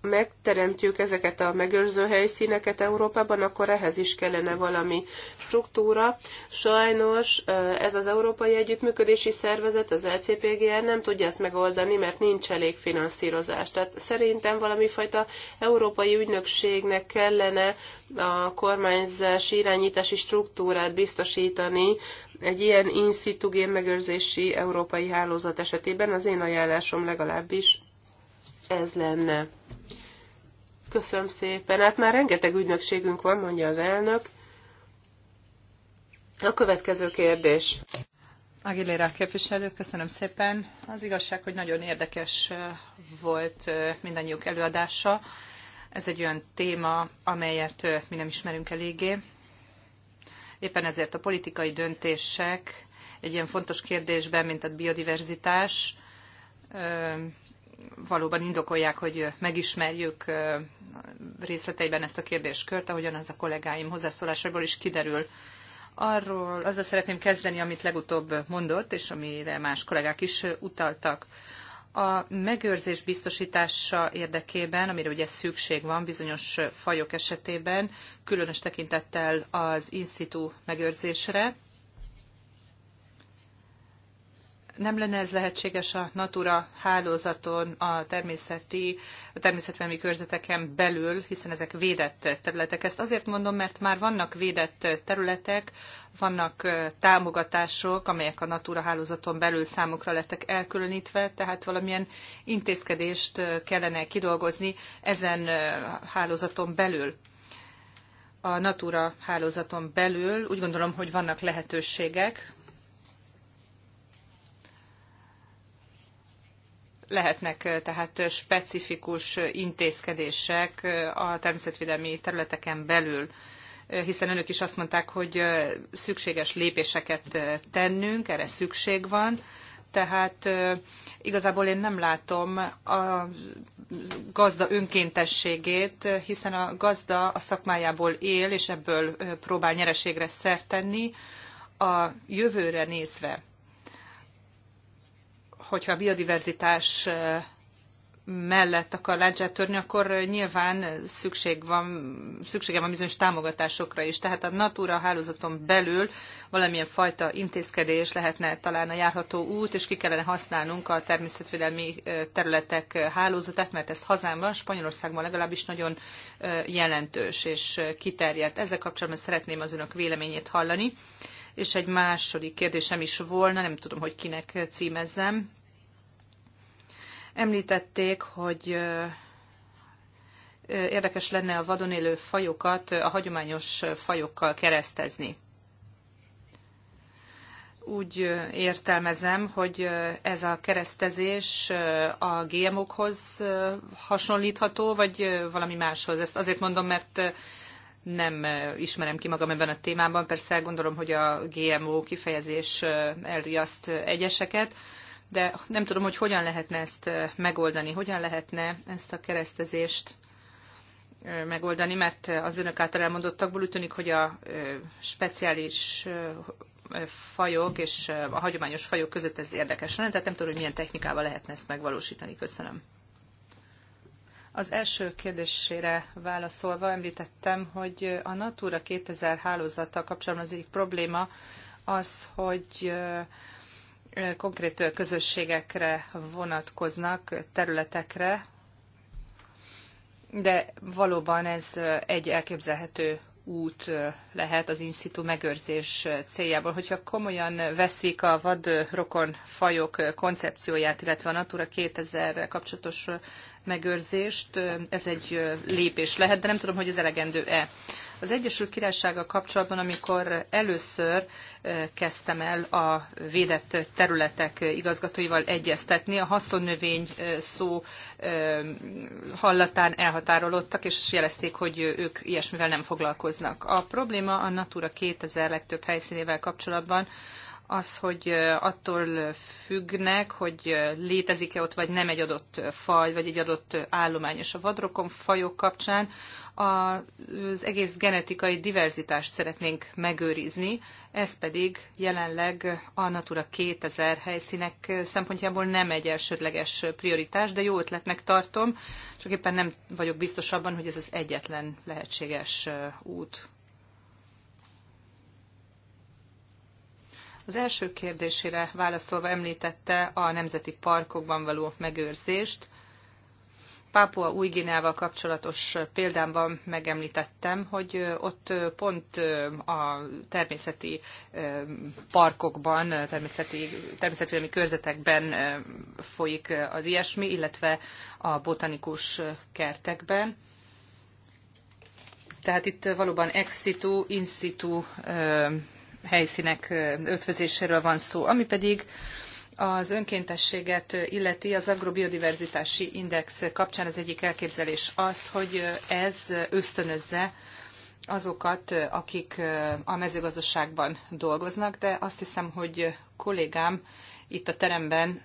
megteremtjük ezeket a megőrző helyszíneket Európában, akkor ehhez is kellene valami struktúra. Sajnos ez az Európai Együttműködési Szervezet, az LCPGR e nem tudja ezt megoldani, mert nincs elég finanszírozás. Tehát szerintem valami fajta európai ügynökségnek kellene a kormányzás irányítási struktúrát biztosítani egy ilyen in situ génmegőrzési európai hálózat esetében. Az én ajánlásom legalábbis ez lenne. Köszönöm szépen. Hát már rengeteg ügynökségünk van, mondja az elnök. A következő kérdés. Aguilera képviselő, köszönöm szépen. Az igazság, hogy nagyon érdekes volt mindannyiuk előadása. Ez egy olyan téma, amelyet mi nem ismerünk eléggé. Éppen ezért a politikai döntések egy ilyen fontos kérdésben, mint a biodiverzitás, valóban indokolják, hogy megismerjük részleteiben ezt a kérdéskört, ahogyan az a kollégáim hozzászólásaiból is kiderül. Arról azzal szeretném kezdeni, amit legutóbb mondott, és amire más kollégák is utaltak. A megőrzés biztosítása érdekében, amire ugye szükség van bizonyos fajok esetében, különös tekintettel az in situ megőrzésre, nem lenne ez lehetséges a Natura hálózaton, a természeti, a természetvelmi körzeteken belül, hiszen ezek védett területek. Ezt azért mondom, mert már vannak védett területek, vannak támogatások, amelyek a Natura hálózaton belül számukra lettek elkülönítve, tehát valamilyen intézkedést kellene kidolgozni ezen hálózaton belül a Natura hálózaton belül úgy gondolom, hogy vannak lehetőségek, lehetnek tehát specifikus intézkedések a természetvédelmi területeken belül, hiszen önök is azt mondták, hogy szükséges lépéseket tennünk, erre szükség van, tehát igazából én nem látom a gazda önkéntességét, hiszen a gazda a szakmájából él, és ebből próbál nyereségre szert tenni a jövőre nézve hogyha a biodiverzitás mellett akar lágyzsát törni, akkor nyilván szükség van, szüksége van bizonyos támogatásokra is. Tehát a Natura hálózaton belül valamilyen fajta intézkedés lehetne talán a járható út, és ki kellene használnunk a természetvédelmi területek hálózatát, mert ez hazámban, Spanyolországban legalábbis nagyon jelentős és kiterjedt. Ezzel kapcsolatban szeretném az önök véleményét hallani. És egy második kérdésem is volna, nem tudom, hogy kinek címezzem Említették, hogy érdekes lenne a vadon élő fajokat a hagyományos fajokkal keresztezni. Úgy értelmezem, hogy ez a keresztezés a GMO-khoz hasonlítható, vagy valami máshoz. Ezt azért mondom, mert nem ismerem ki magam ebben a témában. Persze gondolom, hogy a GMO kifejezés elriaszt egyeseket de nem tudom, hogy hogyan lehetne ezt megoldani, hogyan lehetne ezt a keresztezést megoldani, mert az önök által elmondottakból úgy tűnik, hogy a speciális fajok és a hagyományos fajok között ez érdekes lenne, tehát nem tudom, hogy milyen technikával lehetne ezt megvalósítani. Köszönöm. Az első kérdésére válaszolva említettem, hogy a Natura 2000 hálózattal kapcsolatban az egyik probléma az, hogy konkrét közösségekre vonatkoznak, területekre, de valóban ez egy elképzelhető út lehet az in megőrzés céljából. Hogyha komolyan veszik a rokon fajok koncepcióját, illetve a Natura 2000 kapcsolatos megőrzést, ez egy lépés lehet, de nem tudom, hogy ez elegendő-e. Az Egyesült Királysággal kapcsolatban, amikor először eh, kezdtem el a védett területek igazgatóival egyeztetni, a haszonnövény eh, szó eh, hallatán elhatárolódtak, és jelezték, hogy ők ilyesmivel nem foglalkoznak. A probléma a Natura 2000 legtöbb helyszínével kapcsolatban, az, hogy attól függnek, hogy létezik-e ott vagy nem egy adott faj, vagy egy adott állomány. És a vadrokon fajok kapcsán az egész genetikai diverzitást szeretnénk megőrizni, ez pedig jelenleg a Natura 2000 helyszínek szempontjából nem egy elsődleges prioritás, de jó ötletnek tartom, csak éppen nem vagyok biztos abban, hogy ez az egyetlen lehetséges út. Az első kérdésére válaszolva említette a nemzeti parkokban való megőrzést. Pápua új Guineával kapcsolatos példámban megemlítettem, hogy ott pont a természeti parkokban, természeti, természetvédelmi körzetekben folyik az ilyesmi, illetve a botanikus kertekben. Tehát itt valóban ex situ, in situ helyszínek ötvözéséről van szó, ami pedig az önkéntességet illeti az agrobiodiverzitási index kapcsán az egyik elképzelés az, hogy ez ösztönözze azokat, akik a mezőgazdaságban dolgoznak, de azt hiszem, hogy kollégám itt a teremben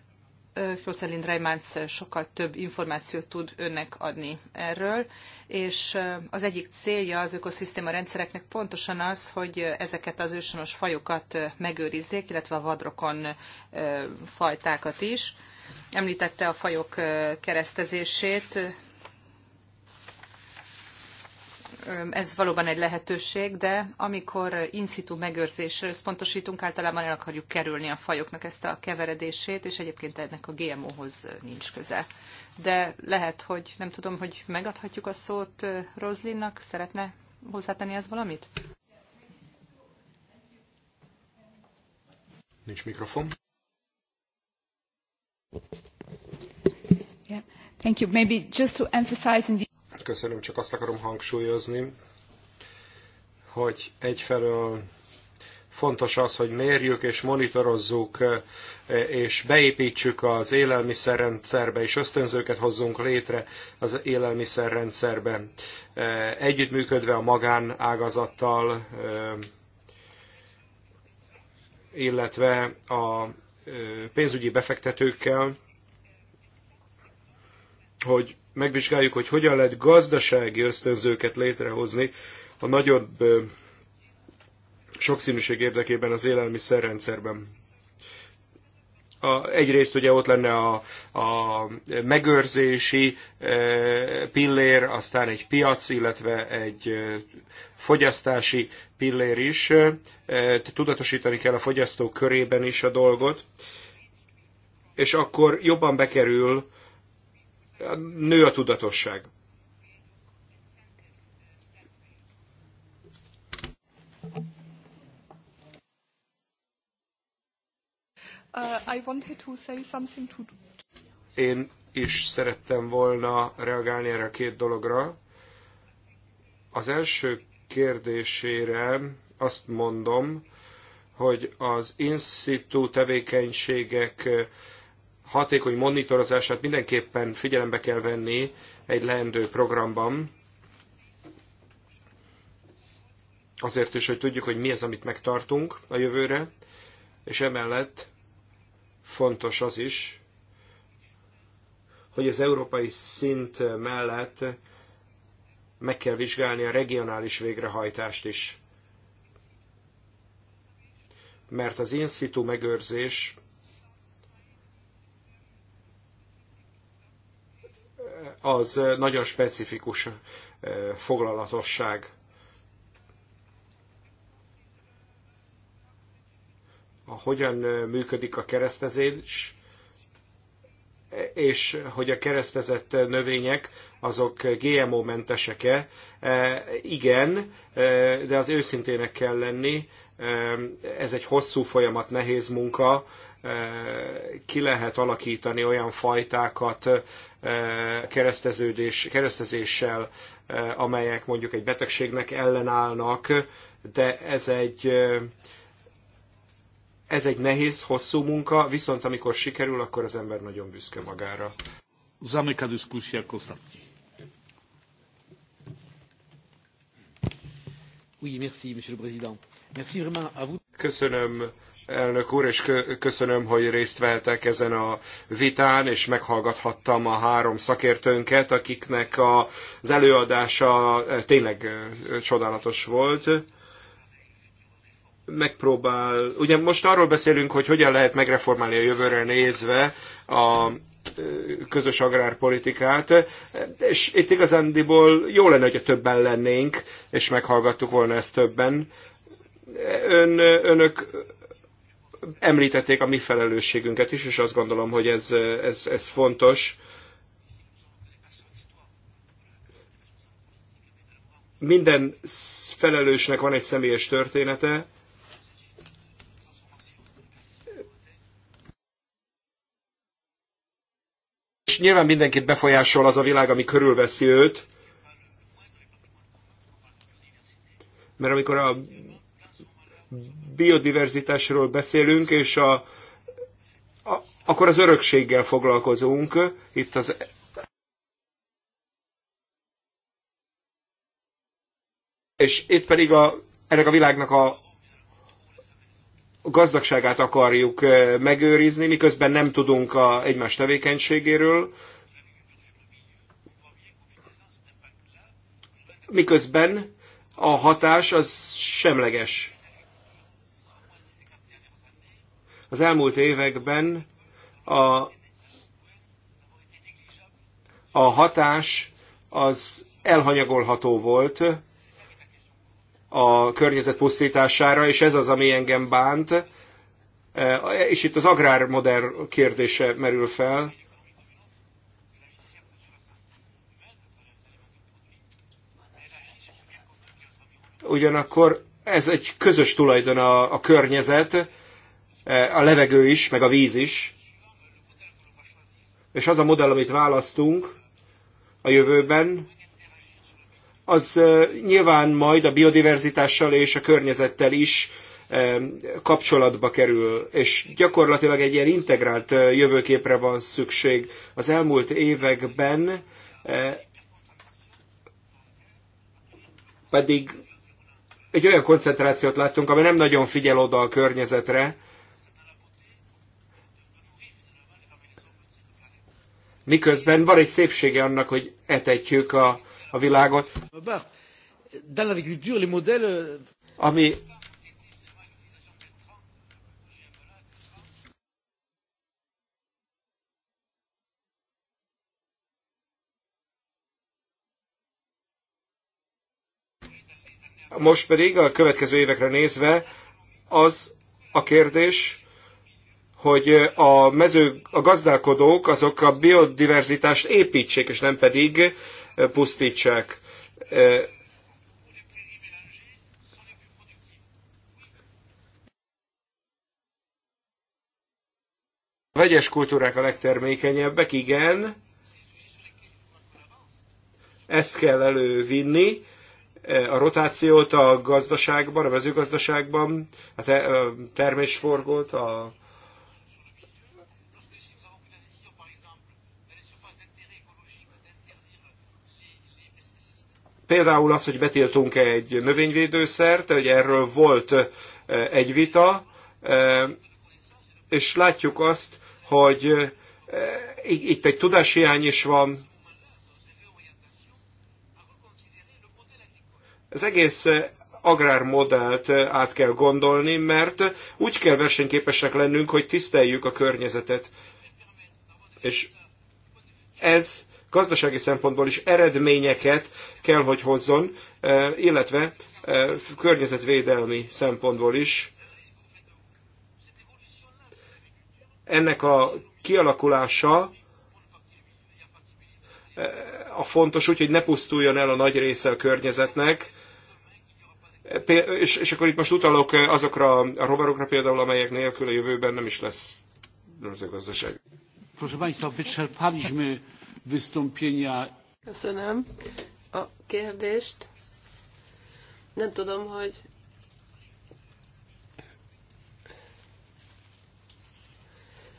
Rosalind Reimans sokkal több információt tud önnek adni erről, és az egyik célja az ökoszisztéma rendszereknek pontosan az, hogy ezeket az ősonos fajokat megőrizzék, illetve a vadrokon fajtákat is. Említette a fajok keresztezését, ez valóban egy lehetőség, de amikor in situ megőrzésre összpontosítunk, általában el akarjuk kerülni a fajoknak ezt a keveredését, és egyébként ennek a GMO-hoz nincs köze. De lehet, hogy nem tudom, hogy megadhatjuk a szót Rozlinnak, szeretne hozzátenni ez valamit? Nincs mikrofon. Yeah. Thank you. Maybe just to emphasize in the Köszönöm, csak azt akarom hangsúlyozni, hogy egyfelől fontos az, hogy mérjük és monitorozzuk, eh, és beépítsük az élelmiszerrendszerbe, és ösztönzőket hozzunk létre az élelmiszerrendszerben. Eh, együttműködve a magánágazattal, eh, illetve a pénzügyi befektetőkkel, hogy megvizsgáljuk, hogy hogyan lehet gazdasági ösztönzőket létrehozni a nagyobb sokszínűség érdekében az élelmiszerrendszerben. A, egyrészt ugye ott lenne a, a megőrzési e, pillér, aztán egy piac, illetve egy e, fogyasztási pillér is. E, tudatosítani kell a fogyasztó körében is a dolgot, és akkor jobban bekerül nő a tudatosság. Uh, I wanted to say something to... Én is szerettem volna reagálni erre a két dologra. Az első kérdésére azt mondom, hogy az institú tevékenységek uh, hatékony monitorozását mindenképpen figyelembe kell venni egy leendő programban, azért is, hogy tudjuk, hogy mi az, amit megtartunk a jövőre, és emellett fontos az is, hogy az európai szint mellett meg kell vizsgálni a regionális végrehajtást is. Mert az in situ megőrzés az nagyon specifikus foglalatosság. A hogyan működik a keresztezés, és hogy a keresztezett növények azok GMO-mentesek-e. E, igen, e, de az őszintének kell lenni. E, ez egy hosszú folyamat, nehéz munka. Ki lehet alakítani olyan fajtákat, kereszteződés, keresztezéssel, amelyek mondjuk egy betegségnek ellenállnak, de ez egy, ez egy nehéz, hosszú munka, viszont amikor sikerül, akkor az ember nagyon büszke magára. Zamyka dyskusja ostatni. Oui, merci, monsieur le président. Merci vraiment à vous. Köszönöm elnök úr, és köszönöm, hogy részt vehetek ezen a vitán, és meghallgathattam a három szakértőnket, akiknek az előadása eh, tényleg eh, csodálatos volt megpróbál, ugye most arról beszélünk, hogy hogyan lehet megreformálni a jövőre nézve a eh, közös agrárpolitikát, és itt igazándiból jó lenne, hogyha többen lennénk, és meghallgattuk volna ezt többen. Ön, önök említették a mi felelősségünket is, és azt gondolom, hogy ez, ez, ez fontos. Minden felelősnek van egy személyes története, és nyilván mindenkit befolyásol az a világ, ami körülveszi őt, mert amikor a biodiverzitásról beszélünk, és a, a, akkor az örökséggel foglalkozunk. Itt az és itt pedig a, ennek a világnak a gazdagságát akarjuk eh, megőrizni, miközben nem tudunk a egymás tevékenységéről, miközben a hatás az semleges. Az elmúlt években a, a hatás az elhanyagolható volt a környezet pusztítására, és ez az, ami engem bánt. E, és itt az agrármodell kérdése merül fel. Ugyanakkor ez egy közös tulajdon a, a környezet, a levegő is, meg a víz is. És az a modell, amit választunk a jövőben, az nyilván majd a biodiverzitással és a környezettel is kapcsolatba kerül, és gyakorlatilag egy ilyen integrált jövőképre van szükség. Az elmúlt években pedig egy olyan koncentrációt láttunk, ami nem nagyon figyel oda a környezetre, miközben van egy szépsége annak, hogy etetjük a, a világot. Ami Most pedig a következő évekre nézve az a kérdés, hogy a, mező, a gazdálkodók azok a biodiverzitást építsék, és nem pedig pusztítsák. A vegyes kultúrák a legtermékenyebbek, igen. Ezt kell elővinni, a rotációt a gazdaságban, a mezőgazdaságban, a termésforgót, a Például az, hogy betiltunk egy növényvédőszert, hogy erről volt egy vita, és látjuk azt, hogy itt egy tudáshiány is van. Az egész agrármodellt át kell gondolni, mert úgy kell versenyképesek lennünk, hogy tiszteljük a környezetet. És ez gazdasági szempontból is eredményeket kell, hogy hozzon, eh, illetve eh, környezetvédelmi szempontból is. Ennek a kialakulása eh, a fontos, úgyhogy ne pusztuljon el a nagy része a környezetnek, és, és akkor itt most utalok azokra a rovarokra például, amelyek nélkül a jövőben nem is lesz mezőgazdaság. Proszę Państwa, wyczerpaliśmy wystąpienia. Köszönöm a kérdést. Nem tudom, hogy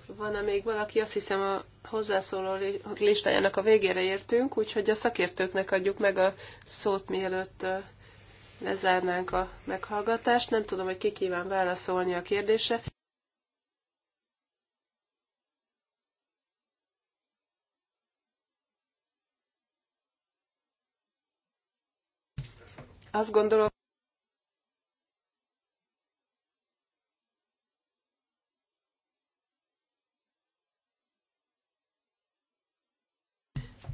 van-e még valaki, azt hiszem a hozzászóló listájának a végére értünk, úgyhogy a szakértőknek adjuk meg a szót, mielőtt lezárnánk a meghallgatást. Nem tudom, hogy ki kíván válaszolni a kérdésre. Azt gondolom,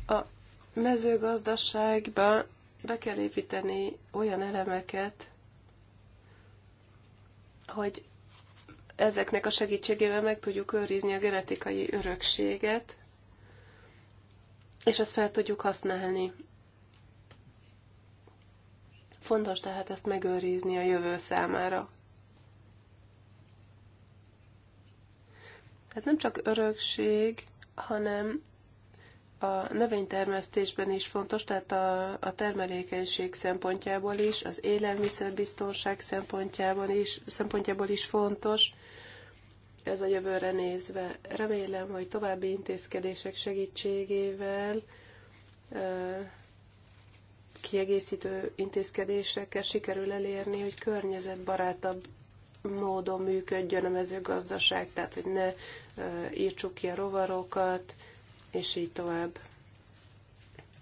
a mezőgazdaságban be kell építeni olyan elemeket, hogy ezeknek a segítségével meg tudjuk őrizni a genetikai örökséget, és azt fel tudjuk használni Fontos tehát ezt megőrizni a jövő számára. Tehát nem csak örökség, hanem a növénytermesztésben is fontos, tehát a, a termelékenység szempontjából is, az élelmiszerbiztonság szempontjából is, szempontjából is fontos ez a jövőre nézve. Remélem, hogy további intézkedések segítségével kiegészítő intézkedésekkel sikerül elérni, hogy környezetbarátabb módon működjön a mezőgazdaság, tehát hogy ne írtsuk ki a rovarokat, és így tovább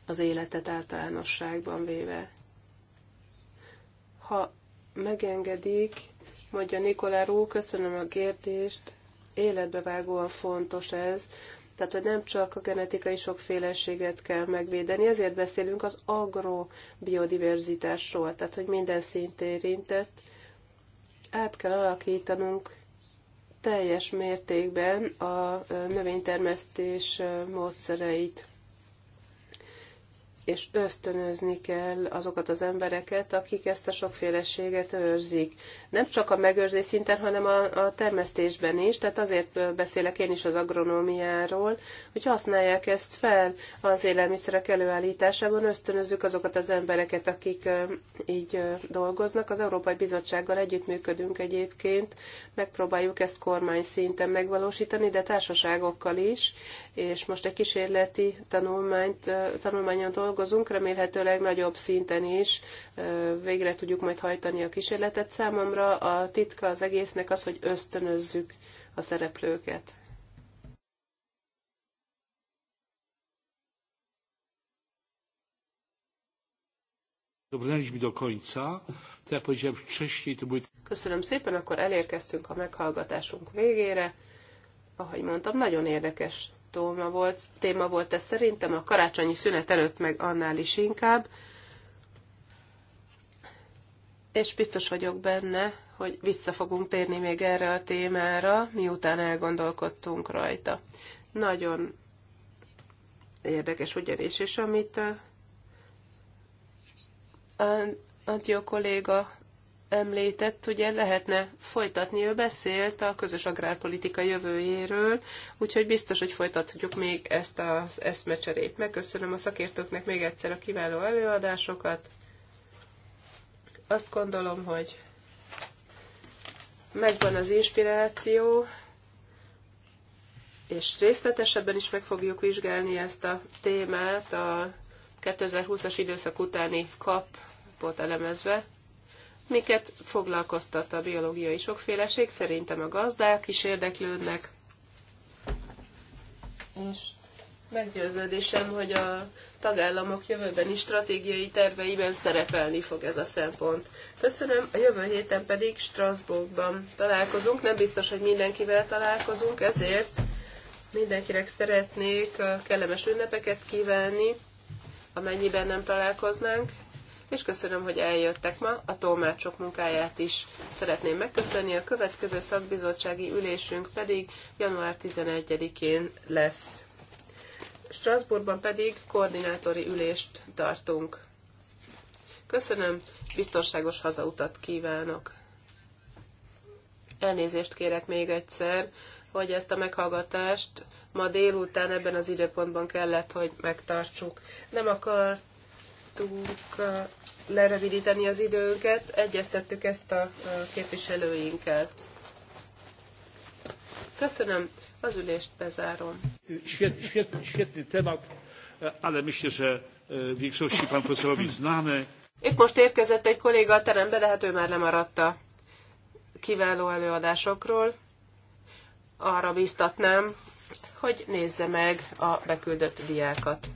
az életet általánosságban véve. Ha megengedik, mondja Ró, köszönöm a kérdést, életbevágóan fontos ez, tehát, hogy nem csak a genetikai sokféleséget kell megvédeni, ezért beszélünk az agrobiodiverzitásról, tehát, hogy minden szint érintett. Át kell alakítanunk teljes mértékben a növénytermesztés módszereit és ösztönözni kell azokat az embereket, akik ezt a sokféleséget őrzik. Nem csak a megőrzés szinten, hanem a, a termesztésben is, tehát azért beszélek én is az agronómiáról, hogy használják ezt fel az élelmiszerek előállításában, ösztönözzük azokat az embereket, akik így dolgoznak. Az Európai Bizottsággal együttműködünk egyébként, megpróbáljuk ezt kormány szinten megvalósítani, de társaságokkal is, és most egy kísérleti tanulmányt, tanulmányon dolgozunk, dolgozunk, remélhetőleg nagyobb szinten is végre tudjuk majd hajtani a kísérletet. Számomra a titka az egésznek az, hogy ösztönözzük a szereplőket. Köszönöm szépen, akkor elérkeztünk a meghallgatásunk végére. Ahogy mondtam, nagyon érdekes téma volt, téma volt ez szerintem a karácsonyi szünet előtt, meg annál is inkább. És biztos vagyok benne, hogy vissza fogunk térni még erre a témára, miután elgondolkodtunk rajta. Nagyon érdekes ugyanis, és amit a, eh, a Antió kolléga említett, ugye lehetne folytatni. Ő beszélt a közös agrárpolitika jövőjéről, úgyhogy biztos, hogy folytatjuk még ezt az eszmecserét. Megköszönöm a szakértőknek még egyszer a kiváló előadásokat. Azt gondolom, hogy megvan az inspiráció, és részletesebben is meg fogjuk vizsgálni ezt a témát a 2020-as időszak utáni kapot elemezve. Miket foglalkoztat a biológiai sokféleség? Szerintem a gazdák is érdeklődnek. És meggyőződésem, hogy a tagállamok jövőbeni stratégiai terveiben szerepelni fog ez a szempont. Köszönöm, a jövő héten pedig Strasbourgban találkozunk. Nem biztos, hogy mindenkivel találkozunk, ezért mindenkinek szeretnék kellemes ünnepeket kívánni, amennyiben nem találkoznánk és köszönöm, hogy eljöttek ma. A tolmácsok munkáját is szeretném megköszönni. A következő szakbizottsági ülésünk pedig január 11-én lesz. Strasbourgban pedig koordinátori ülést tartunk. Köszönöm, biztonságos hazautat kívánok. Elnézést kérek még egyszer, hogy ezt a meghallgatást ma délután ebben az időpontban kellett, hogy megtartsuk. Nem akartunk lerövidíteni az időnket, egyeztettük ezt a képviselőinkkel. Köszönöm, az ülést bezárom. E, Épp most érkezett egy kolléga a terembe, de hát ő már lemaradta a kiváló előadásokról. Arra biztatnám, hogy nézze meg a beküldött diákat.